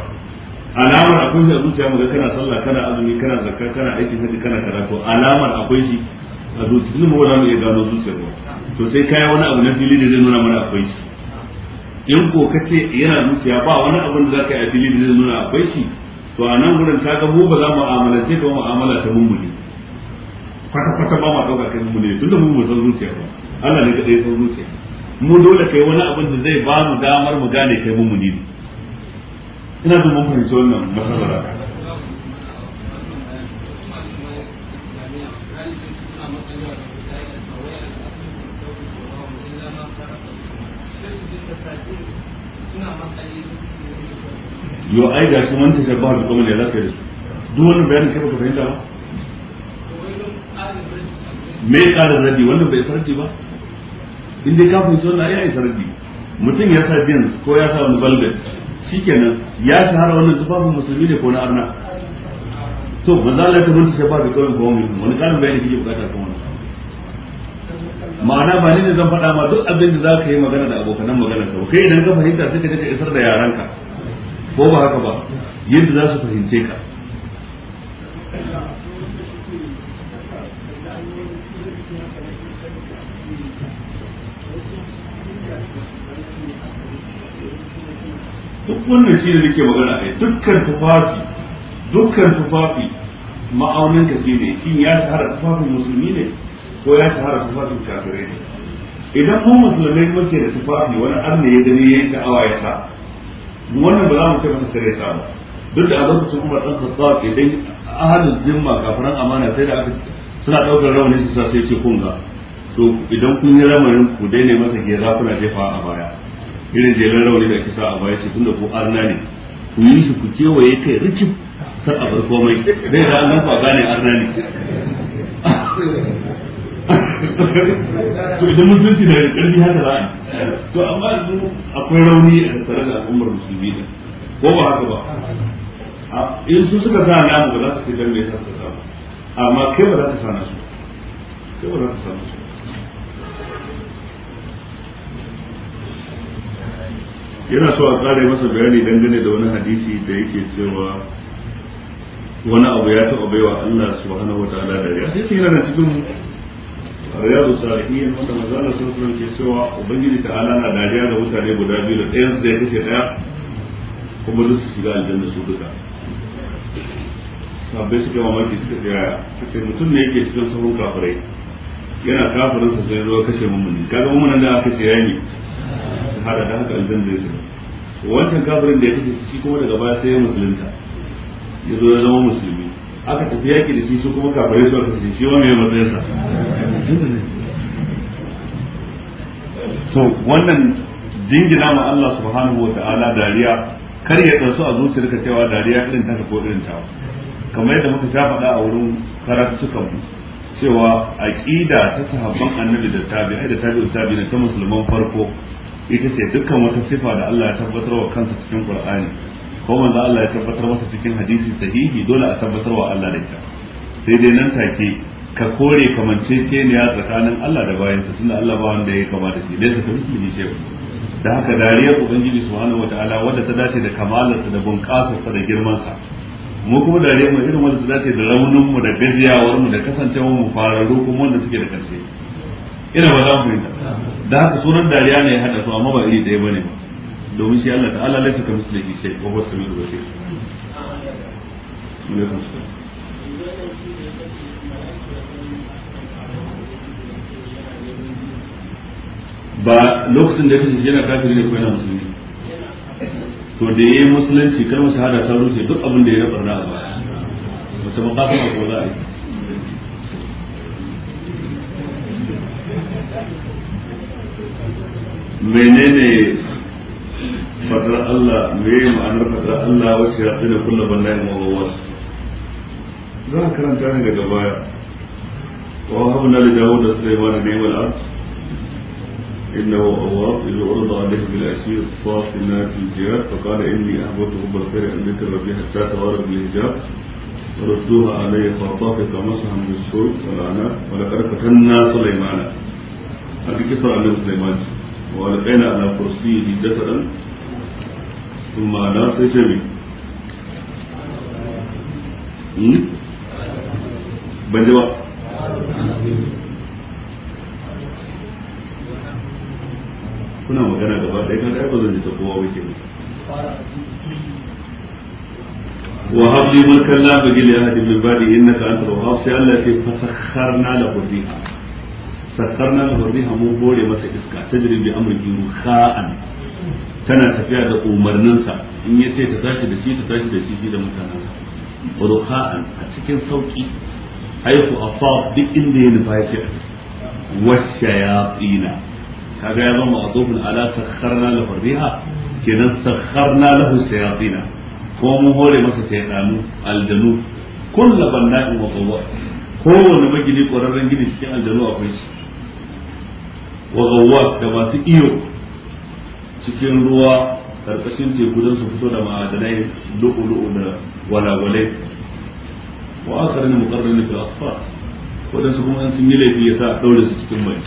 alamar akwai shi a zuciya mu ga kana sallah kana azumi kana zakka kana aikin hajji kana karatu alamar akwai shi a zuciya mu ba mu iya gano zuciyar mu to sai kaya wani abu na fili da zai nuna mana akwai shi in ko ka ce yana zuciya ba wani abin da za ka yi a fili da zai nuna akwai shi to a nan gurin ta ga mu ba za mu mu'amalace ka mu'amala ta mummuni kwata kwata ba ma dauka kai ne tun da mu mu san zuciya ba Allah ne kadai san zuciya mu dole kai wani abin da zai ba mu damar mu gane kai ne ina da mun fahimci wannan masalara yo ai ga su manta shabba da kuma ne za ka yi da su duk wannan bayanin kai baka fahimta ba me ƙarin raddi wannan bai sarki ba inda ka kafin so na iya sarki mutum ya sa biyan ko ya sa wani velvet shikenan ya shahara wannan tufafin musulmi ne ko na arna to manzo ta mun tabbata shabba da kawai ko mun wani ƙarin bayanin kike bukata kan wannan ma'ana ba ne ne zan faɗa ma duk abin da za ka yi magana da abokanan magana ka kai idan ka fahimta sai ka je ka isar da yaranka ko ba haka ba yadda za su fahimce ka duk wannan shi da nake magana a dukkan tufafi dukkan tufafi ma'aunin ka shi ne shi ya shahara tufafin musulmi ne ko ya shahara tufafin kafirai ne idan mu musulmai muke da tufafi wani arna ya gani ya yi sha'awa ya sa wannan ba za mu ce masa kare ta ba duk da a lokacin Umar dan Khattab dai ahalin zimma kafiran amana sai da aka suna daukar rauni su sai ce kun ga to idan kun yi ramarin ku daina masa gera kuna jefa a baya irin jelan rawani da ake sa a baya ce tunda ko arna ne ku yi shi ku kewaye kai rikin kar a bar komai dai da an ba gane arna ne to idan mutunci da ƙarfi haka za a to amma yanzu akwai rauni a tattare da al'ummar musulmi da ko ba haka ba in su suka sa namu ba za su ce dan me yasa suka sa amma kai ba za ka sana su kai ba za ka sana su yana so a tsare masa bayani dangane da wani hadisi da yake cewa wani abu ya taɓa baiwa Allah subhanahu wa ta'ala da ya sai yana cikin riyadu salihin wanda manzo Allah sallallahu alaihi wasallam ke cewa ubangiji ta'ala na dariya da mutane guda biyu da ɗayan da ya kashe ɗaya kuma duk su shiga aljanna su duka sabbai suka mamaki suka tsaya kace mutum ne yake cikin sahun kafirai yana kafirin sa sai zuwa kashe mummuni kaga mummunan da aka tsaya ne su hada da haka aljanna zai shiga wancan kafirin da ya kashe shi kuma daga baya sai ya musulunta ya zo ya zama musulmi aka tafi yaki da shi su kuma kafare su aka shi, shi wa mai da sa wannan jingina ma Allah subhanahu wa ta'ala dariya kar ya tsarsu a zuciyarka cewa dariya irin taka ko irin ta kamar yadda muka sha faɗa a wurin karatukan cewa aqida ta sahabban annabi da tabi'ai da tabi'u tabi'ina ta musulman farko ita ce dukkan wata sifa da Allah ya tabbatar wa kansa cikin Qur'ani ko manzo Allah ya tabbatar masa cikin hadisi sahihi dole a tabbatar wa Allah da ita sai dai nan take ka kore kamanceceniya tsakanin Allah da bayan sa. tunda Allah ba wanda ya kama da shi laysa ka mislihi shay'un da haka dariyar ubangiji subhanahu wataala wanda ta dace da sa da bunƙasarsa da girmansa mu kuma dariyar mu irin wanda ta dace da raunin mu da gajiyawar mu da kasancewar mu fararru kuma wanda suke da karshe ina ba za mu fahimta da haka sunan dariya ne ya hada su amma ba iri ɗaya ne ba domin shi Allah ta'ala laisa ka mislihi shay wa huwa samiul basir ba lokacin da kace yana kafiri ne ko yana musulmi to da yayi musulunci kalmar shahada ta rushe duk abin da ya rabarna a baya wata makafa ko za a yi menene فترة الله ليه معنى فترة الله وسياقين كل بنائم وغواص ذاكرا تاني لجبايا ووهبنا لداود سليمان نعم الأرض إنه أواب إذ أرضى عليه بالأسير الصافنات الجهاد فقال إني أحببت حب الخير أن ذكر ربي حتى تغرب بالهجاب ردوها علي فاطاك كمسها من السوق والعناء ولقد فتنا سليمان هذه كثر عن سليمان ولقينا على كرسيه جسدا ma'ana sai ce mai hmm? ban ji ba kuna magana gaba ɗaya kan ba zan ji ta kowa wake wa habli mulkan la bagil ya hadi min badi innaka antal wahhab sai Allah ya sakharna mun bore masa iska tajri bi amri ruha'an tana tafiya da umarninsa in ya ce ta tashi da shi ta tashi da shi da mutanensa ruha'an a cikin sauki haiku afaf duk inda ya nufa ya ce washayatina kaga ya zama a ma'azufin ala sakharna lahu riha kenan sakharna lahu shayatina ko mun hore masa shaytanu aljanu kullu banna'in wa gawwa kowane magini ƙwararren gini cikin aljanu akwai shi wa gawwa da masu iyo cikin ruwa karkashin teku don su fito da ma'adanai lu'ulu'u da walawalai wa mu na ne fil asfar waɗansu kuma an sun yi laifi ya sa ɗaure su cikin mai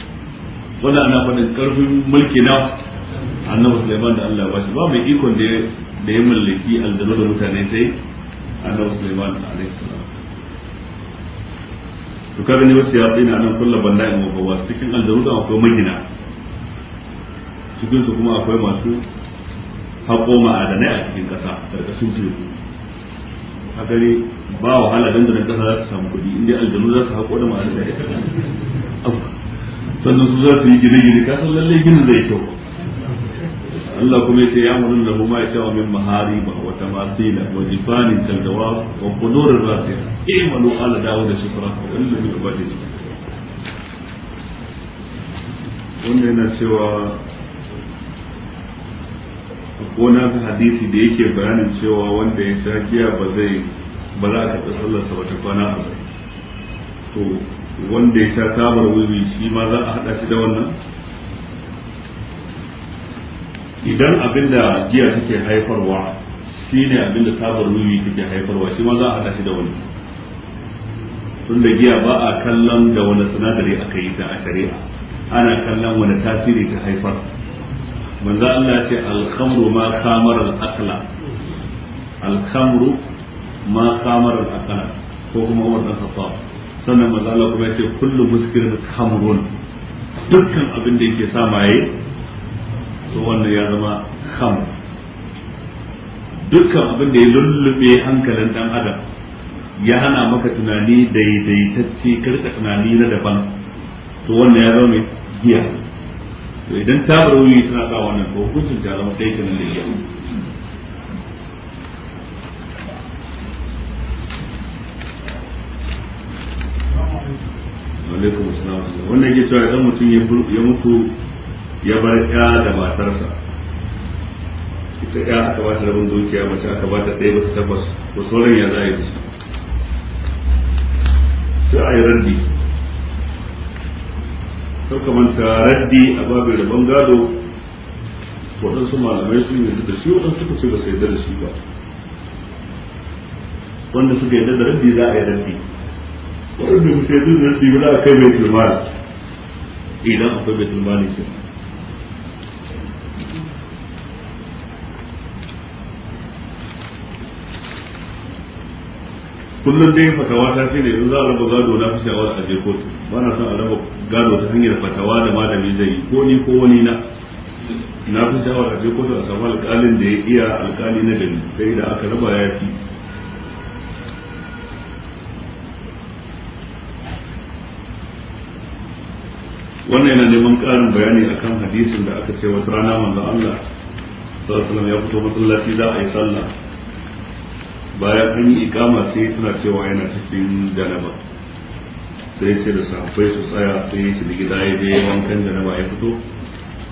wannan ana faɗin ƙarfin mulki na annabi Sulaiman da Allah ba shi ba mai ikon da da ya mallaki aljanu da mutane sai annabi Sulaiman alaihi salam to kaga ne wasu ya tsina nan kullu banna'in wa bawas cikin aljanu da akwai magina cikin su kuma akwai masu haƙo ma'adanai a cikin ƙasa ƙarƙashin teku hakari ba wahala dan da ƙasa za su samu kuɗi inda aljanu za su haƙo da ma'adanai sannan su za su yi gine-gine ka san lallai ginin zai kyau Allah kuma ya ce ya mulun da kuma ya wa min mahari ba wa tamasila wa jifanin taldawa wa kudurin rasiya imalu ala dawo da shukra wa ilmi ibadati wanda yana cewa ko na ga hadisi da yake bayanin cewa wanda ya sha giya ba zai ba za a karɓi sallarsa ba ta kwana to wanda ya sha tabar wuri shi ma za a haɗa shi da wannan idan abin da giya take haifarwa shi ne abin da tabar wuri take haifarwa shi ma za a haɗa shi da wani tun da giya ba a kallon da wani sinadari aka yi ta a shari'a ana kallon wani tasiri ta haifar manzo Allah ce al-khamru ma khamara al-aqla al-khamru ma khamara al-aqla ko kuma wannan khafa sannan manzo Allah kuma ce kullu muskirin khamrun dukkan abin da yake sa maye to wannan ya zama khamr dukkan abin da ya lullube hankalin dan adam ya hana maka tunani daidaitacce karka tunani na daban to wannan ya zama giya to idan ta barawi tana sa wannan to hukuncin ta zama sai kenan da iya alaikum assalam wannan ke cewa idan mutum ya mutu ya bar ya da matarsa ita ya aka ba ta rabin dukiya mace aka ba ta ɗaya bisa tabbas ko sauran ya za a yi sai a yi randi. suka manta raddi a babin rabon gado waɗansu malamai sun yarda da shi waɗansu suka ce ba su yarda da shi ba wanda suka yarda da raddi za a yi raddi waɗanda ba su yarda da raddi ba za a kai mai tilmani idan akwai mai tilmani sai kullum dai fatawa ta shi ne yanzu za a raba gado na fi shawara a je kotu ba na son a raba gado ta hanyar fatawa da malami zai yi ko ni ko wani na na fi shawara a je kotu a samu alƙalin da ya iya alƙali na gari sai da aka raba ya fi wannan yana neman ƙarin bayani akan hadisin da aka ce wata rana manzo Allah sallallahu alaihi wasallam ya fito masallaci za a yi sallah baya an yi ikama sai suna cewa yana cikin janaba sai sai da safai su tsaya sai ya shiga gida ya je wankan janaba ya fito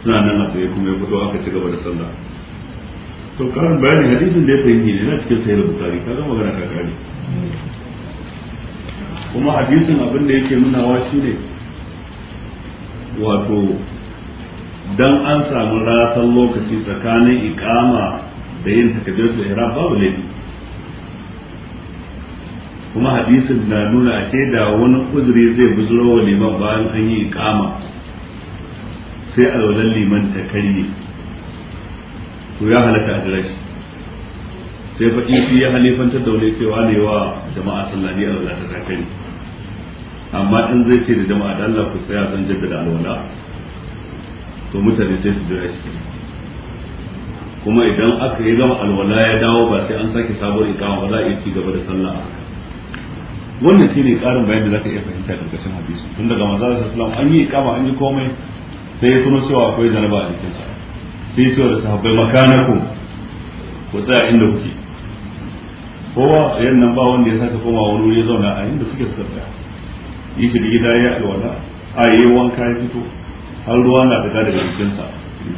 suna nan a tsaye kuma ya fito aka ci gaba da sallah to karan bayani hadisin da ya sayi ne na cikin da bukhari kaga magana ta kare kuma hadisin abin da yake nunawa ne. wato dan an samu rasan lokaci tsakanin ikama da yin da ihram babu laifi kuma hadisin na nuna ashe da wani uzuri zai buzuro wa liman bayan an yi kama sai alwalan liman ta karye to ya halatta a jira shi sai faɗi shi ya halifantar da wani cewa ne wa jama'a sallani a ta ta karye amma in zai ce da jama'a da Allah ku tsaya san jaddada alwala to mutane sai su jira shi kuma idan aka yi gama alwala ya dawo ba sai an sake sabon ikama ba za a iya ci gaba da sallah a haka wannan shine karin bayani da zaka iya fahimta karkashin hadisi tun daga manzo sallallahu alaihi wasallam an yi kama an yi komai sai ya tuno cewa akwai janaba a sa sai ya ce da sahabbai makanaku ku tsaya inda kuke kowa yan nan ba wanda ya saka koma wani wuri ya zauna a inda suke suka tsaya yi shi gida ya alwala a yi wanka ya fito har ruwa na daga daga jama'a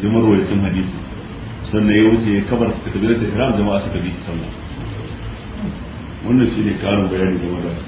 jimar wayacin hadisi sannan ya wuce ya kabar ta kabilar da ihram jama'a suka bi sallah wannan ne karin bayani game da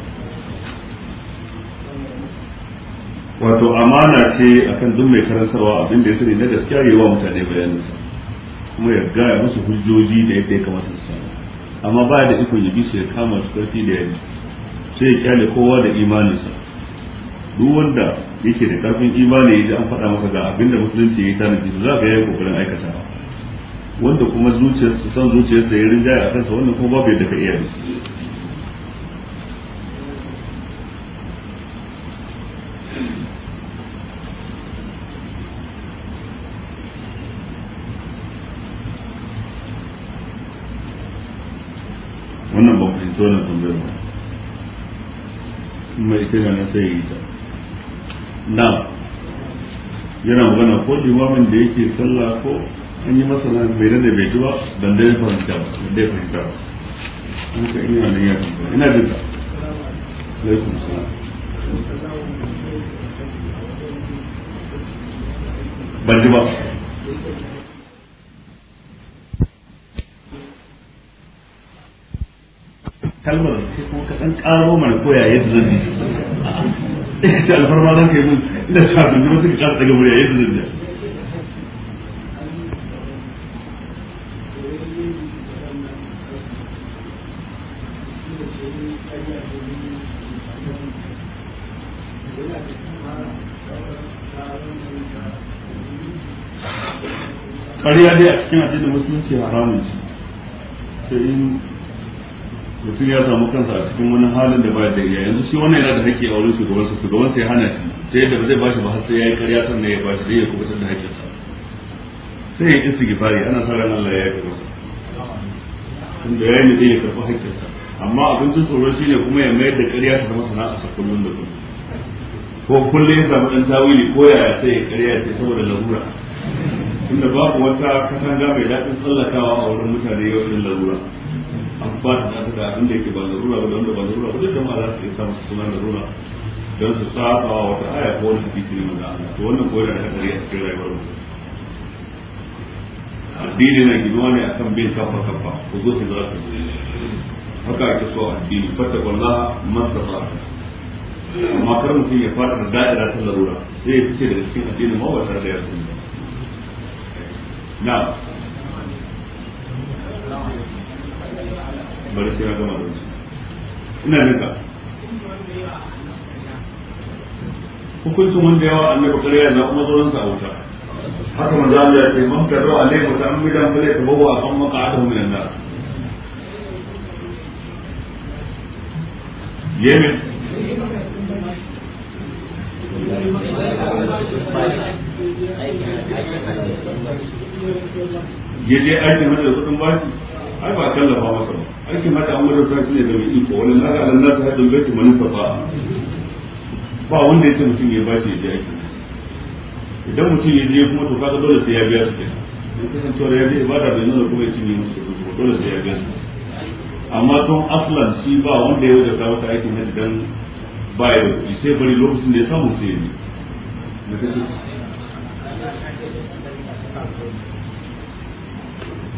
wato amana ce akan duk mai karantarwa abin da ya sani na gaskiya yi wa mutane bayanin sa kuma ya gaya musu hujjoji da yadda ya kamata su samu amma ba da ikon yabi su ya kama su karfi da yaji sai ya kyale kowa da imaninsa duk wanda yake da karfin imani ya an faɗa masa ga abinda da musulunci ya yi tanadi su za ka yi kokarin aikata wanda kuma zuciyarsa san zuciyarsa ya rinjaya a kansa wannan kuma babu yadda ka iya da amsa wannan tambayar ba mai tana na sai yi ta na yana magana ko limamin da yake sallah ko an yi masa na bai da bai ji ba ban da fahimta ba ban da fahimta ba an ka ina nan ya ina jin alaikum salam ban ji ba kalmar sai kuma ka dan karo mana koya yadda zan yi ita alfarma zan kai mun ina sa bin wasu ka kara daga murya yadda zan yi ƙarya dai a cikin addinin musulunci haramun ce sai mutum ya samu kansa a cikin wani halin da ba da iya yanzu shi wannan yana da hakki a wurin shugaban sa shugaban sa ya hana shi sai da ba zai ba shi ba har sai ya yi ƙarya sannan ya bashi shi dai ya kubutar da haƙƙin sa sai ya yi istighfari ana sa ran Allah ya yi masa tunda ya yi zai ya karɓi haƙƙin sa amma abincin tsoro shi ne kuma ya mayar da ƙarya ta zama sana'a sa kullum da kullum ko kullum ya samu ɗan tawili ko yaya sai ya ƙarya ce saboda larura tunda babu wata katanga mai daɗin tsallakawa a wurin mutane yau ɗin larura ba da ta abin da yake ba zarura ba da wanda ba zarura ba duk jama'a za su iya samun sunan zarura don su saba wata aya ko wani hadisi ne maza Allah to wannan koyar da hadari a cikin rayuwar mu addini na ginuwa ne akan bin kafa kafa ku zo ku zara ku haka ake so addini fata wallaha mastafa amma kar mutum ya fada da da'ira ta larura sai ya fice daga cikin addini ma ba tare da ya sani ba na'am bari sai na gama da wasu ina ninka hukuncin wanda yawa annabi ƙarya na kuma zuwan sa a wuta haka manzo Allah ya ce man karra alai muta'ammidan bale tabawa kan maqa'atuhu minan nar yemen ya je aikin hajji da kudin bashi ai ba tallafa masa ba aikin hada an wadata shi ne da mai iko wani lada ala ta hadin baiti manufa ba ba wanda ya ce mutum ya bashi ya je aikin idan mutum ya je kuma to kaga dole sai ya biya su kenan in kasancewar ya je ibada bai nuna kuma ya cinye musu kuɗi dole sai ya biya su amma tun Aflan shi ba wanda ya wadata masa aikin hajji dan ba ya sai bari lokacin da ya samu sai ya ne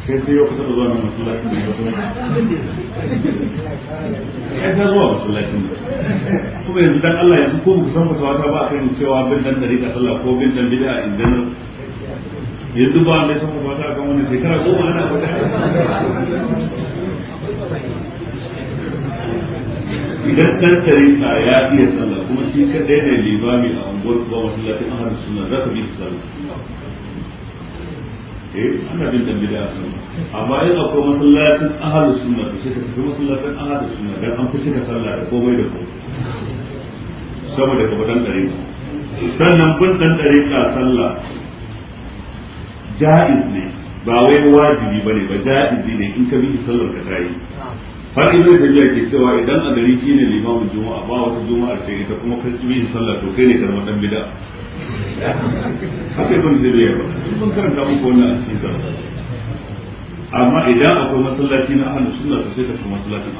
sai sai yau kusa da zuwa nan masallacin da ya ta zuwa masallacin da kuma yanzu dan Allah yanzu ko ku san fasawa ta ba a kan cewa bin dan dari da sallah ko bin dan bid'a in general yanzu ba mai san fasawa ta kan wannan shekara goma ana ba idan dan tarika ya iya sallah kuma shi kadai ne limami a unguwar ba masallacin ahadu sunna za ka bi sallah eh ana bin dan da sun amma in akwai masallacin ahlus sunna to sai ka tafi masallacin ahlus sunna dan an fi ka sallah da komai da komai Sama da badan dare sannan kun dan dare ka sallah ja'iz ne ba wai wajibi bane ba ja'iz ne in ka bi sallar ka tayi har ibnu tabiya ke cewa idan a gari shine limamin juma'a ba wata juma'ar sai ita kuma ka bi sallah to kai ne ka zama dan bid'a haka zai zuriya ba duk mun karanta muku wannan a cikin zama amma idan akwai masallaci na ahlus sunna to sai ka fi na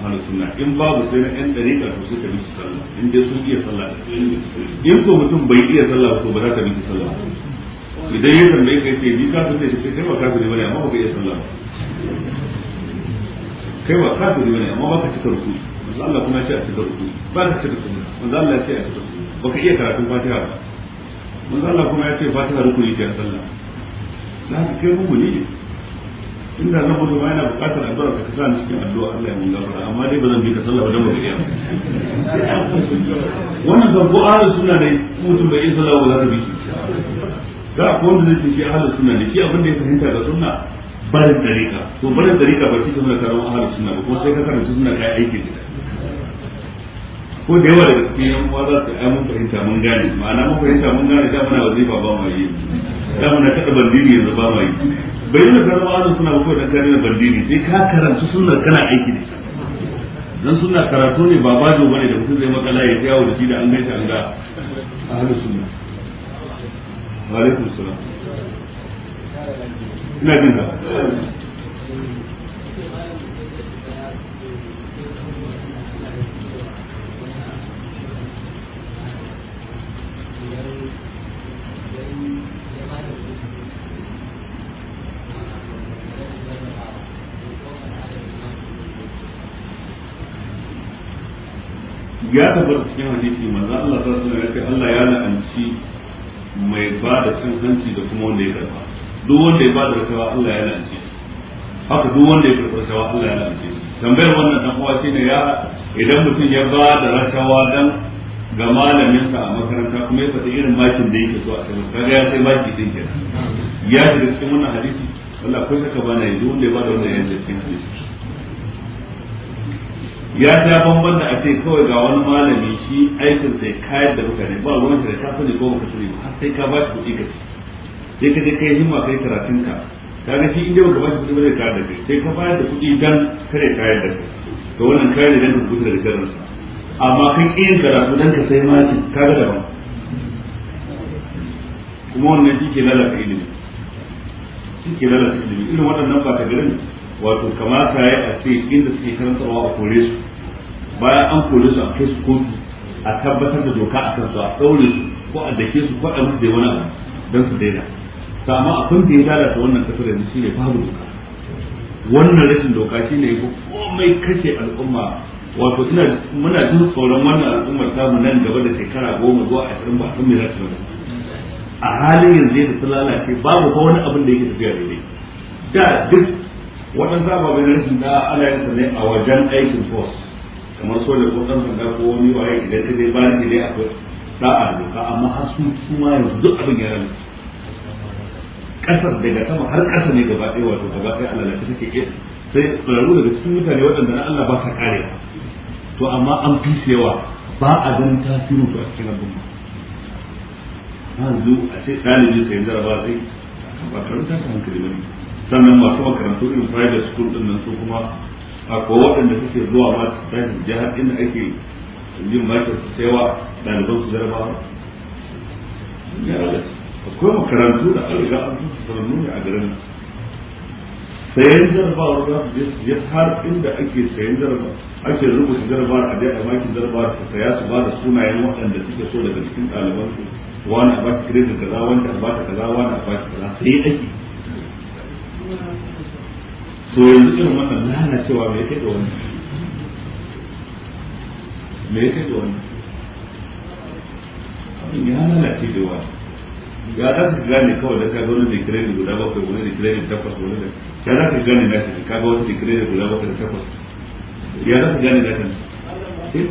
ahlus sunna in babu sai na yan dariƙa to sai ka bi sallah in dai sun iya sallah in ko mutum bai iya sallah ko ba za ka bi sallah idan ya tambaye ka ce ni kafin da shi kai ba kafin bane amma ba ka iya sallah kai ba kafin bane amma ba ka cika ruku Allah kuma ya ce a cika rufu ba ka cika rufu manzo Allah ya ce a cika rufu ba ka iya karatun Fatiha ba manzo Allah kuma ya ce fatiha rukuni ce a sallah da haka kai rukuni ne inda zan mutu ma yana bukatar addu'a ka kasa ni cikin addu'a Allah ya mun gafara amma dai ba zan bi ka sallah ba dan ba iya wannan ga ko ahlus sunna ne mutum bai yi sallah ba za ka bi shi da akwai wanda zai ce shi ahlus sunna ne shi abin da ya fahimta ga sunna barin dariƙa to barin dariƙa ba shi kuma karon ahlus sunna ba ko sai ka karanta sunna kai aiki da ko da yawa daga cikin yan uwa za su ai mun fahimta mun gane ma'ana mun fahimta mun gane da muna wazifa ba mu yi da muna kada bandini yanzu ba mu yi bai da karama azu suna ko da kare bandini sai ka karanta sunnar kana aiki da shi dan sunna karatu ne ba bajo bane da mutum zai makala ya yawo da shi da an gaishe an ga ahlus sunna wa alaikum salam ina jin ka ya tabbata cikin hadisi manzo Allah sallallahu alaihi wasallam ya ce Allah ya la'anci mai ba da cin hanci da kuma wanda ya karba duk wanda ya ba da rashawa Allah ya la'anci haka duk wanda ya karba rashawa Allah ya la'anci tambayar wannan dan uwa shine ya idan mutum ya ba da rashawa dan ga malamin sa a makaranta kuma ya faɗi irin makin da yake so a sai kaga ya sai maki din kenan ya shiga cikin wannan hadisi Allah ko saka bana yi duk wanda ya ba da wannan ya cikin hadisi ya ta bamban da ake kawai ga wani malami shi aikin sai kayar da mutane ba ruwan shi da ta sani ko baka turi ba sai ka bashi kuɗi ka ci sai ka je yi himma kai karatun ka ga shi inda ka bashi kuɗi ba zai kayar da kai sai ka bayar da kuɗi dan kare kayar da kai to wannan kayan da ka kuɗi daga sharrin sa amma kan kiyin karatu dan ka sai ka da daban kuma wannan shi ke lalata ilimi shi ke lalata ilimi irin waɗannan ba ta garin wato kamata ya a ce inda suke karantarwa a kore su bayan an kore su a kai su kotu a tabbatar da doka a kansu a ɗaure su ko a dake su ko a musu da wani abu don su daina amma abin da ya lalata wannan kasar yanzu shine babu doka wannan rashin doka shine ya komai kashe al'umma wato ina muna jin tsoron wannan al'ummar samu nan gaba da shekara goma zuwa ashirin ba san me za ta a halin yanzu yadda ta lalace babu ko wani abin da yake tafiya daidai da duk waɗansu ababen rashin da ana yin ne a wajen aikin force kamar so da sun sanda ko wani waye idan ta dai ba ta dai akwai da'a doka amma har su kuma yanzu duk abin ya rana kasar daga sama har kasa ne gaba ɗaya wato gaba ɗaya Allah ta take sai tsararru daga cikin mutane waɗanda na Allah ba sa kare to amma an fi yawa ba a ganin tasirin su a cikin al'umma yanzu a ce ɗalibin sai jarabawa sai ba karanta su hankali ba ne sannan masu makarantu irin private school din nan su kuma akwai waɗanda suke zuwa ma su tashi jihar inda ake yin makar su wa ɗaliban su jarabawa akwai makarantu da an riga an su sarannu ne a garin sayan jarabawa za su je har inda ake sayan jarabawa ake rubuta jarabawar a daya a makin jarabawar su saya su ba da sunayen waɗanda suke so daga cikin ɗaliban su wani a ba ta kiredin kaza wani a ba ta kaza wani a ba ta kaza sai ake to yanzu irin wannan lalacewa mai kai da wani mai kai da wani abin ya lalace da wani ya za ka gane kawai da ka ga wani dikirai guda bakwai wani dikirai da takwas wani da ya za ka gane na shi guda bakwai da takwas ya za ka gane na shi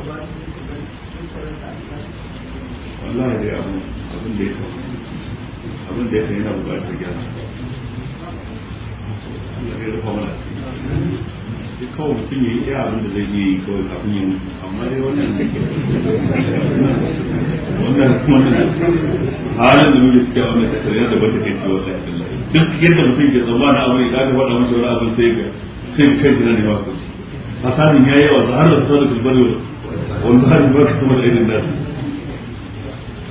Thank you. wallahi dai abu abin da ya kawo abin da ya kawo yana bukatar gyara ya rufa mutum ya yi iya abin da zai yi kawai kafin yin amma dai wannan wannan wannan halin da muke cikin wannan tattalin da bata kai ciwo sai Allah duk yadda mutum ke zama na abu ya kaga faɗa masa wani abin sai ga sai kai jira ne ba ku hasarin yayi yawa har da sauran kulbar yau والله ما ka kuma irin nan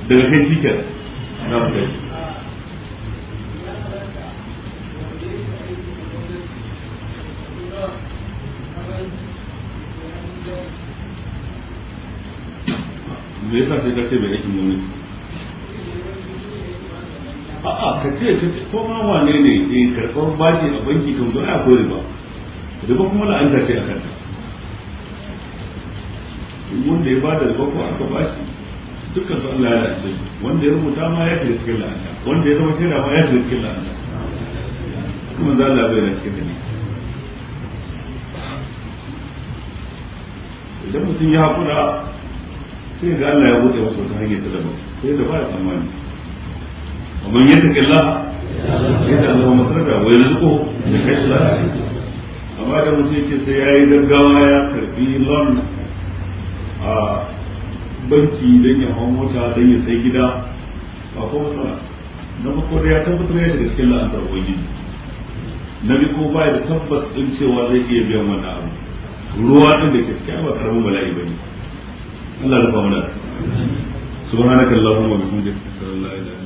daga kai shike نعم kai me yasa sai ka ce mai aikin gwamnati a'a ka ce ka ce ko ma wane ne karɓar bashi a banki kan zuwa a kore ba da kuma la'anta ce a kanta wanda ya bada riba ko aka bashi dukkan su Allah ya dace wanda ya rubuta ma ya shiga cikin la'anta wanda ya zama shaida ma ya shiga cikin la'anta kuma za Allah bai da cikin dani idan mutum ya haƙura sai ga Allah ya bude masa wata hanyar ta daban sai da baya tsammani ومن يتق الله يجعل له مخرجا ويرزقه من حيث لا يحتسب amma da mutum ce sai ya yi gaggawa ya karbi lon a banki don ya hau mota don ya sai gida ba ko matsala na farko da ya tabbatar ya daga cikin la'antar ubangiji na biyu ko ba da tabbas din cewa zai iya biyan wannan abu ruwa din da ke cikin ba karamin bala'i bane Allah ya rufa mana subhanakallahumma wa bihamdika sallallahu alaihi